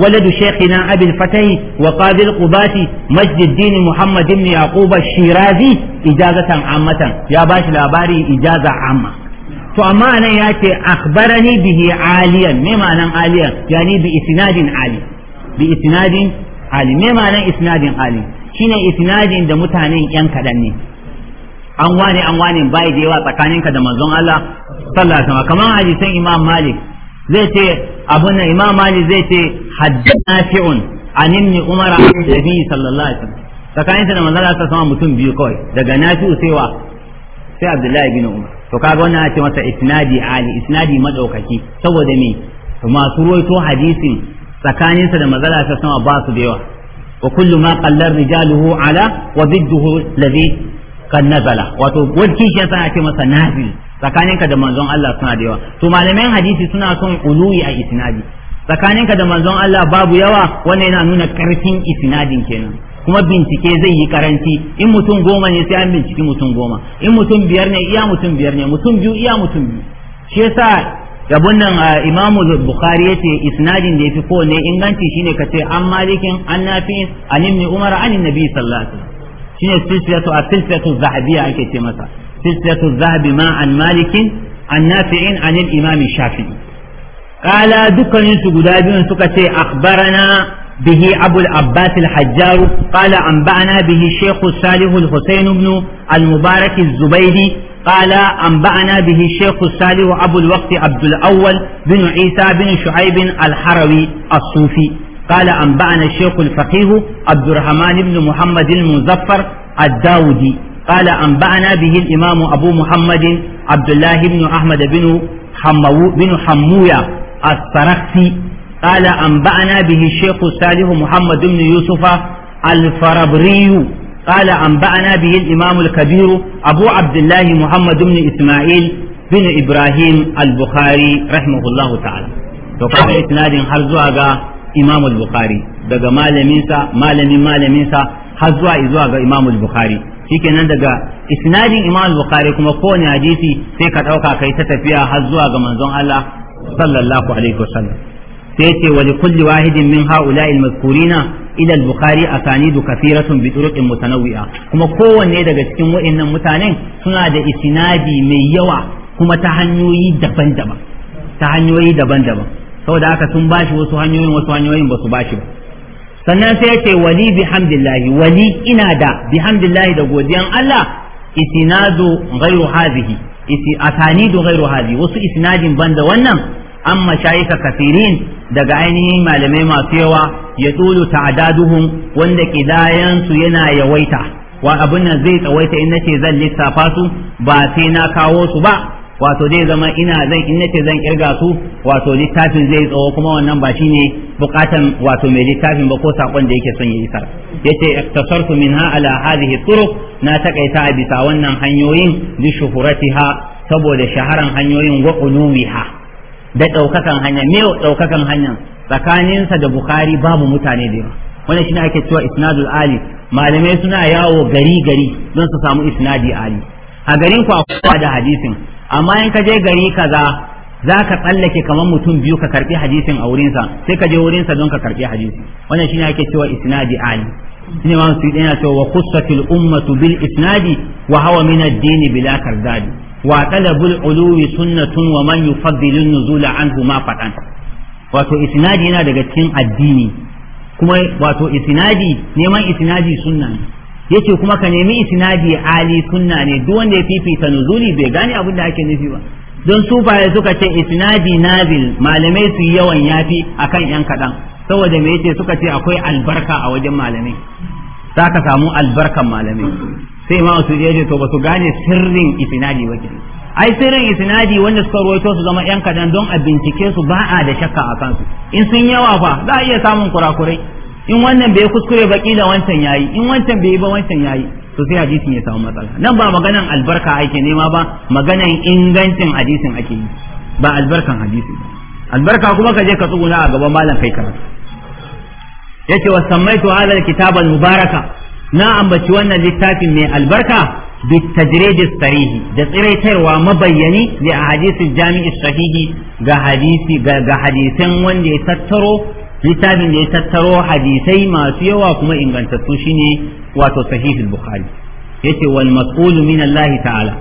waladu shaykhina abi al-fatahi wa qadi al-qubati majd al-din muhammad ibn yaqub ash-shirazi ijazatan ammatan ya bashi labari ijaza amma to amma nan ya ce akbarani bihi aliyan me ma'anan aliyan yani bi isnadin ali bi isnadin ali me ma'anan isnadin ali shine isnadin da mutanen yan kadan ne an wane an wane bai da yawa tsakaninka da manzon Allah sallallahu alaihi wasallam kamar hadisin Imam Malik zai ce abun nan Imam Malik zai ce haddathna fi'un an Umar an Nabi sallallahu alaihi wasallam tsakaninsa da manzon Allah sallallahu alaihi wasallam mutum biyu kawai daga Nafi'u sai wa sai Abdullahi bin Umar to kaga wannan ake ce masa isnadi ali isnadi madaukaki saboda me masu ruwaito hadisin tsakaninsa da mazala ta sama ba su da yawa wa kullu ma qallar rijaluhu ala wa bidduhu ladhi kan nazala wato wani shi yasa ake masa nazil tsakaninka da manzon Allah suna da yawa to malamai hadisi suna son uluwi a isnadi tsakaninka da manzon Allah babu yawa wannan yana nuna karfin isnadin kenan kuma bincike zai yi karanci in mutum goma ne sai an binciki mutum goma in mutum biyar ne iya mutum biyar ne mutum biyu iya mutum biyu shi yasa abun nan imamu bukhari yace isnadin da yafi ko ne inganci shine ce an malikin an nafi an ibn umar an nabi sallallahu alaihi wasallam shine silsilatu a silsilatu zahabiyya ake ce masa silsilatu zahabi ma an malikin an nafi'in an al-imam shafi'i qala dukkanin su guda biyun suka ce akhbarana به أبو العباس الحجار قال أنبأنا به الشيخ الصالح الحسين بن المبارك الزبيدي قال أنبأنا به الشيخ الصالح أبو الوقت عبد الأول بن عيسى بن شعيب الحروي الصوفي قال أنبأنا الشيخ الفقيه عبد الرحمن بن محمد المزفر الداودي قال أنبأنا به الإمام أبو محمد عبد الله بن أحمد بن حمو بن حموية السرخسي قال أنبأنا به الشيخ الصالح محمد بن يوسف الفربري قال أنبأنا به الإمام الكبير أبو عبد الله محمد بن إسماعيل بن إبراهيم البخاري رحمه الله تعالى وقال إسناد حرزوا إمام البخاري daga malaminsa malamin malaminsa har zuwa zuwa ga Imam al-Bukhari nan daga isnadin Imam bukhari kuma kowane hadisi sai ka dauka kai ta tafiya har zuwa ga manzon Allah sallallahu alaihi wasallam sai ce wani kulli wahidin min ha'ula'il mazkurina ila al-bukhari asanidu kathiratun bi turuqin mutanawwi'a kuma kowanne daga cikin wa'annan mutanen suna da isnadi mai yawa kuma ta hanyoyi daban-daban ta hanyoyi daban-daban saboda haka sun bashi wasu hanyoyin wasu hanyoyin ba su bashi ba sannan sai ce wali bihamdillahi wali ina da bihamdillahi da godiyan Allah isnadu ghairu hadhihi isi asanidu ghairu hadhihi wasu isnadin banda wannan an mashayika kasirin daga ainihin malamai masu yawa ya a ta'adaduhum wanda kidayansu yana yawaita wa abin nan zai tsawaita in nace zan lissafa ba sai na kawo su ba wato zai zama ina zan in nace zan kirga su wato littafin zai tsawo kuma wannan ba shine bukatan wato mai littafin ba ko sakon da yake son ya ya yace iktasartu minha ala hadhihi turuq na takaita a bisa wannan hanyoyin li shuhuratiha saboda shaharan hanyoyin wa unumiha da ɗaukakan hanya me ɗaukakan hanya tsakaninsa da bukari babu mutane da yawa shi ne ake cewa isnadul ali malamai suna yawo gari gari don su samu isnadi ali a garin ku akwai da hadisin amma in ka je gari kaza za ka tsallake kamar mutum biyu ka karbi hadisin a wurinsa sai ka je wurinsa don ka karbi hadisi wannan shine ake cewa isnadi ali shine ma su yana cewa wa qussatil ummatu bil isnadi wa hawa min ad-din bila kardadi wa talabul uluwi sunnatun wa man yufaddilu nuzula anhu ma fadan wato isnadi yana daga cikin addini wato isnadi neman isnadi sunna ne yace kuma ka nemi isnadi ali sunna ne duk wanda ya fifita nuzuli bai gane abin da ake nufi ba don sufaye suka ce isnadi nazil malamai su yawan yafi akan yan kaɗan saboda me yace suka ce akwai albarka a wajen malamai za ka samu albarkan malamai sai ma su je to ba su gane sirrin isnadi ba kenan ai sirrin isnadi wanda suka rawaito su zama yan kadan don a bincike su ba a da shakka a kansu in sun yawa fa za a iya samun kurakurai in wannan bai kuskure ba da wancan yayi in wancan bai ba wancan yayi to sai hadisin ya samu matsala nan ba maganan albarka ake nema ba maganan ingancin hadisin ake yi ba albarkan hadisi albarka kuma ka je ka tsuguna a gaban malam kai karatu yace wa sammaitu hadha alkitaba Mubaraka. na ambaci wannan littafin mai albarka بالتدريج الصريح ده تريتر ومبيني لأحاديث الجامع الصحيح ده حديث ده حديثين وان ده يتترو littafin da ya tattaro hadisai masu yawa kuma ingantattu shine wato sahih al yace wal mas'ulu min Allah ta'ala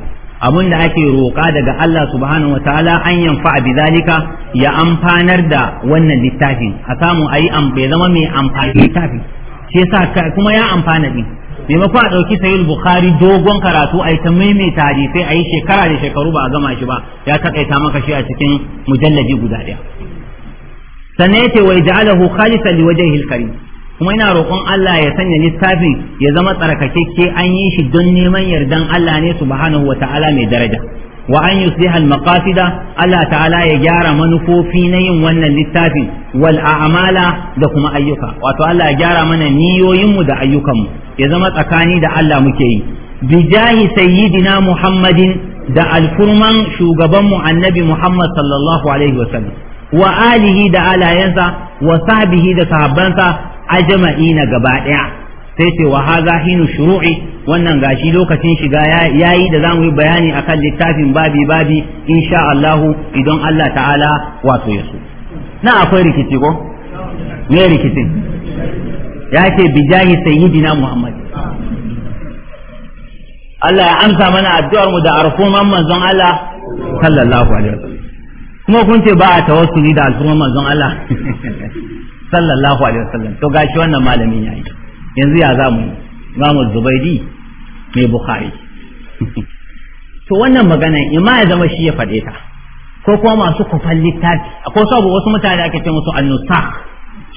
abun da ake roka daga Allah subhanahu wa ta'ala an yanfa bi zalika ya amfanar da wannan littafin a samu ayi am bai zama mai amfani littafin shi yasa kuma ya amfana din maimakon a ɗauki sayil bukhari dogon karatu a yi ta maimaita hadisai a yi shekara da shekaru ba a gama shi ba ya takaita maka shi a cikin mujallaji guda ɗaya sannan yace wa ja'alahu khalisan li wajhihi kuma ina roƙon Allah ya sanya lissafin ya zama tsarkakakke an yi shi don neman yardan Allah ne subhanahu wa ta'ala mai daraja wa an yusliha al-maqasida Allah ta'ala ya gyara manufofi na yin wannan littafin wal a'amala da kuma ayyuka wato Allah ya gyara mana niyoyinmu da ayyukanmu ya zama tsakani da Allah muke yi bijahi sayyidina Muhammadin da alfurman shugabanmu annabi Muhammad sallallahu alaihi wa sallam wa alihi da alayansa wa sahbihi da sahabbansa ajma'ina gaba daya sai ce wa haza hinu shuru'i wannan gashi lokacin shiga yayi da zamu yi bayani akan littafin babi babi insha Allah idan Allah ta'ala wato ya so na akwai rikici ko me rikicin ya ce bijahi sayyidina Muhammad Allah ya amsa mana addu'ar mu da arfuman manzon Allah sallallahu alaihi wasallam kuma kun ce ba a tawassuli da alfuman manzon Allah sallallahu alaihi wasallam to gashi wannan malamin yayi yanzu ya za mu imamu zubaidi mai bukhari to wannan magana imma ya zama shi ya faɗe ta ko kuma masu kufan littafi akwai sabu wasu mutane ake ce musu annusa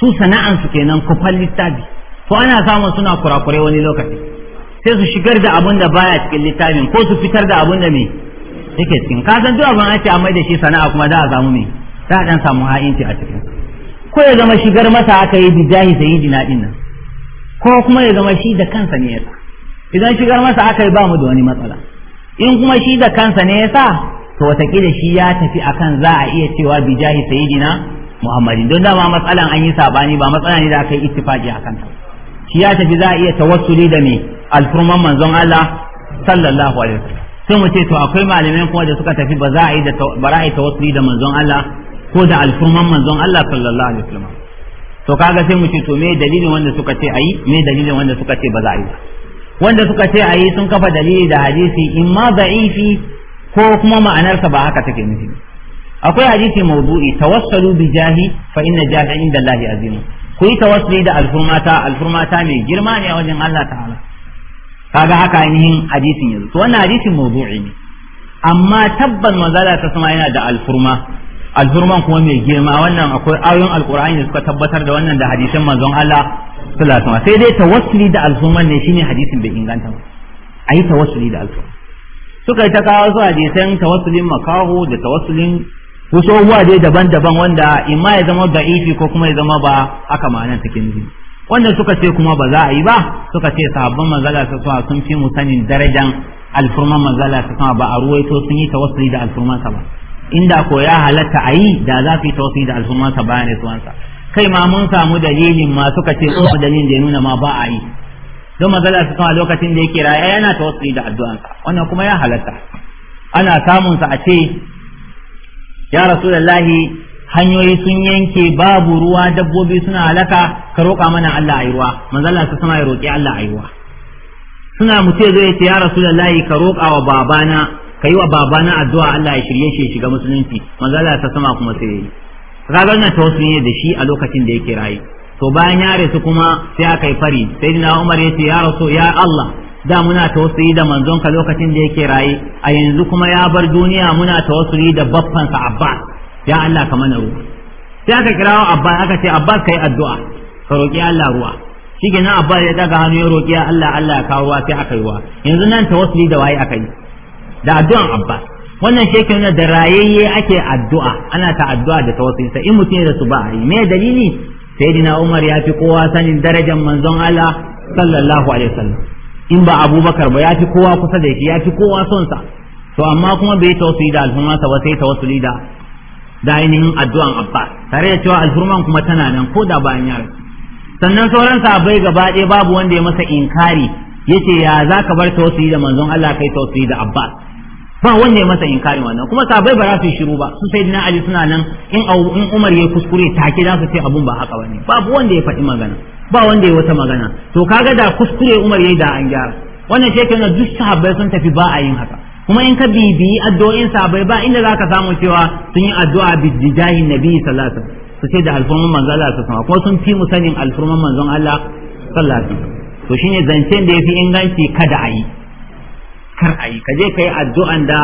su sana'ansu kenan kufan littafi to ana samun suna kurakurai wani lokaci sai su shigar da abun da baya cikin littafin ko su fitar da abun da me yake cikin ka san duk abin ake amai da shi sana'a kuma za a samu me za a dan samu ha'inci a cikin ko ya zama shigar masa aka yi bijahi yi din nan ko kuma ya zama shi da kansa ne ya sa, idan shigar masa aka yi ba mu da wani matsala in kuma shi da kansa ne ya sa, to watakila shi ya tafi akan za a iya cewa bijahi jahi sayyidina muhammadin don dama matsalan an yi sabani ba matsala ne da aka yi ittifaqi akan ta shi ya tafi za a iya tawassuli da me alfurman manzon Allah sallallahu alaihi wasallam sai mu ce to akwai malamai kuma da suka tafi ba za a yi da ba za a yi tawassuli da manzon Allah ko da alfurman manzon Allah sallallahu alaihi wasallam to kaga sai mu ce to me dalilin wanda suka ce ayi me dalilin wanda suka ce ba za a yi wanda suka ce ayi sun kafa dalili da hadisi in ma za'ifi ko kuma ma'anarsa ba haka take nufi akwai hadisi mawdu'i tawassalu bi jahi fa inna jahi inda Allahi azim ku yi tawassuli da alfurmata alfurmata mai girma ne a wajen Allah ta'ala kaga haka ainihin hadisin yanzu to wannan hadisin mawdu'i ne amma tabban manzala ta sama yana da alfurma alfurman kuma mai girma wannan akwai ayoyin alkur'ani da suka tabbatar da wannan da hadisan manzon Allah sallallahu alaihi sai dai tawassuli da alfurman ne shine hadisin bai inganta ba ayi tawassuli da alfurman suka yi ta kawo su hadisan tawassulin makaho da tawassulin wasu abubuwa dai daban-daban wanda imma ya zama da'ifi ko kuma ya zama ba haka ma'anar take nufi Wannan suka ce kuma ba za a yi ba suka ce sahabban manzala ta sama sun fi mu sanin darajan alfurman manzala ta sama ba a ruwaito sun yi tawassuli da alfurman sa ba inda ko ya halatta a yi da za su yi tausi da alhummansa bayan rasuwansa kai ma mun samu dalilin ma suka ce su dalilin da ya nuna ma ba a yi don magana su kama lokacin da yake raya yana tausi da addu'ansa wannan kuma ya halatta ana samunsa a ce ya rasulallahi hanyoyi sun yanke babu ruwa dabbobi suna halaka ka roƙa mana Allah yi ruwa manzo su ya roƙi Allah yi ruwa suna mutum zai ce ya rasulullahi ka roƙa wa babana kai wa babana addu'a Allah ya shirye shi shiga musulunci manzo Allah ta sama kuma sai yayi kaga wannan tausayi da shi a lokacin da yake rayi to bayan ya rasu kuma sai aka yi fari sai dina Umar ya ce ya rasu ya Allah da muna tausayi da manzon ka lokacin da yake rayi a yanzu kuma ya bar duniya muna tawassuli da babban sa Abbas ya Allah ka mana ruwa sai aka kirawo Abbas aka ce Abbas kai addu'a ka roki Allah ruwa shikenan Abbas ya daga hannu ya roƙi Allah Allah ya kawo ruwa sai aka yi ruwa yanzu nan tawassuli da waye aka yi da addu'an abbas wannan shi ne da rayayye ake addu'a ana ta addu'a da tawassuli sai in mutune da su ba me dalili sayyidina umar ya fi kowa sanin darajar manzon Allah sallallahu alaihi wasallam in ba abubakar ba ya fi kowa kusa da shi ya fi kowa son sa to amma kuma bai tawassul da alhummansa ba sai tawassul da da ainihin addu'an abbas tare da cewa alhurman kuma tana nan ko da bayan ya sannan sauran sahabbai gaba ɗaya babu wanda ya masa inkari yace ya za ka bar tausayi da manzon Allah kai tausayi da Abbas ba wanne masa inkarin wannan kuma sabai ba za su shiru ba su sai dina Ali suna nan in in Umar ya kuskure take za su ce abun ba haka bane babu wanda ya faɗi magana ba wanda ya wata magana to kaga da kuskure Umar yayi da an gyara wannan shi kenan duk sahabbai sun tafi ba a yin haka kuma in ka bibiyi addu'o'in sahabbai ba inda za ka samu cewa sun yi addu'a bi dijahin nabi sallallahu alaihi wasallam su ce da alfurman manzon Allah sallallahu alaihi wasallam kuma sun fi mu sanin alfurman manzon Allah sallallahu alaihi wasallam to shine zancen da ya fi inganci kada a yi kar a yi kaje kai addu'an da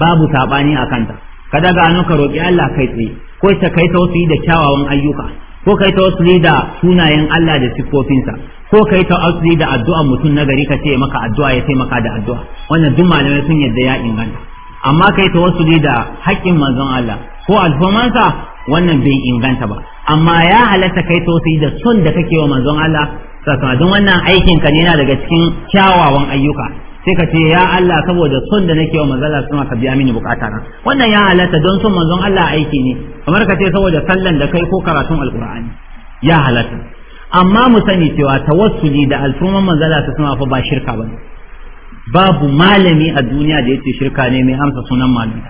babu sabani a kanta kada ga anu ka roƙi Allah kai tsaye ko ta kai tausayi da kyawawan ayyuka ko kai tausayi da sunayen Allah da sifofinsa ko kai tausayi da addu'an mutum na gari ka ce maka addu'a ya taimaka da addu'a wannan duk malamai sun yadda ya inganta amma kai tausayi da haƙƙin manzon Allah ko alfamansa wannan bai inganta ba amma ya halatta kai tausayi da son da kake wa manzon Allah sakamakon wannan aikin ka ne yana daga cikin kyawawan ayyuka sai ka ce ya Allah saboda son da nake wa manzon Allah ka biya mini bukata na wannan ya halatta don son manzon Allah aiki ne kamar ka ce saboda sallan da kai ko karatun alkur'ani ya halatta amma mu sani cewa tawassuli da alfuman manzon Allah sama fa ba shirka bane babu malami a duniya da yace shirka ne mai amsa sunan malami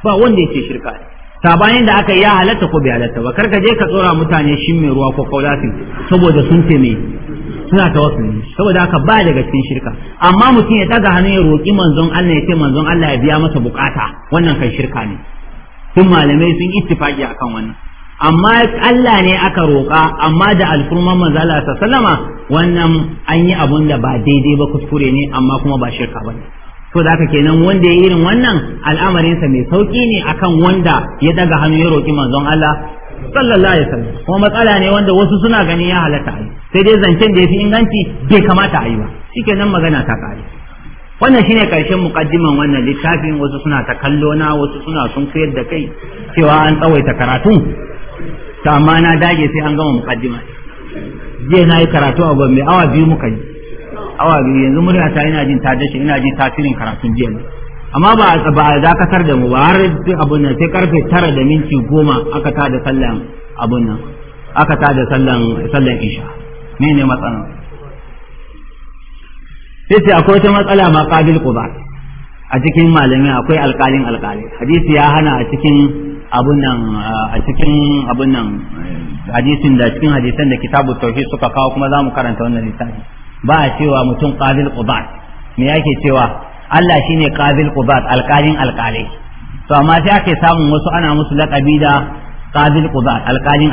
ba wanda yace shirka ne sabanin da aka yi ya halatta ko bai halatta ba karka je ka tsora mutane shin mai ruwa ko kaulafin saboda sun ce mai suna ne, saboda haka ba daga cikin shirka amma mutum ya daga hannu ya roƙi manzon Allah ya ce manzon Allah ya biya masa bukata wannan kan shirka ne tun malamai sun ittifaki akan wannan amma Allah ne aka roƙa amma da alfurman maza Allah sallama wannan an yi abun da ba daidai ba kuskure ne amma kuma ba shirka bane so da haka kenan wanda ya irin wannan al'amarinsa mai sauki ne akan wanda ya daga hannu ya roƙi manzon Allah sallallahu alaihi wasallam kuma matsala ne wanda wasu suna gani ya halatta a sai dai zancen da ya fi inganci bai kamata a yi ba shikenan magana ta kare wannan shine karshen muqaddiman wannan littafin wasu suna ta kallo na wasu suna sun koyar da kai cewa an tsawaita karatu ta amma na dage sai an gama muqaddima jiya na yi karatu a gombe awa biyu muka yi awa biyu yanzu murya ta ina jin ta dace ina jin tasirin karatun jiya ne amma ba a ba dakatar da mu ba har abun nan sai karfe tara da minti goma aka ta da sallan abun nan aka ta da sallan sallan isha ne ne matsala sai sai akwai wata matsala ma qabil quba a cikin malami akwai alƙalin alƙali, hadisi ya hana a cikin abun nan a cikin abun nan eh, hadisin da cikin hadisan da kitabu tauhid suka kawo kuma zamu karanta wannan lissafi. ba a cewa mutum qabil qubat me yake cewa Allah shine qabil qubat alqalin alqalai to amma sai ake samun wasu ana musu laqabi da qabil qubat alqalin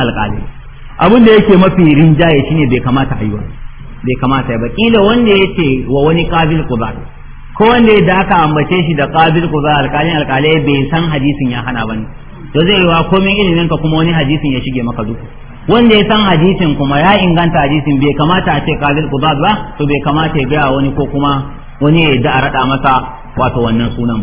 abin da yake mafi rinjaye shine bai kamata ayi bai kamata ba kila wanda yake wa wani qabil qubat ko wanda da aka ambace shi da qabil qubat alqalin alqalai bai san hadisin ya hana bane to zai yi wa komai ilimin ka kuma wani hadisin ya shige maka duka wanda ya san hadisin kuma ya inganta hadisin bai kamata a ce kalil qudad ba to bai kamata ya gaya wani ko kuma wani ya yadda a raɗa masa wato wannan sunan ba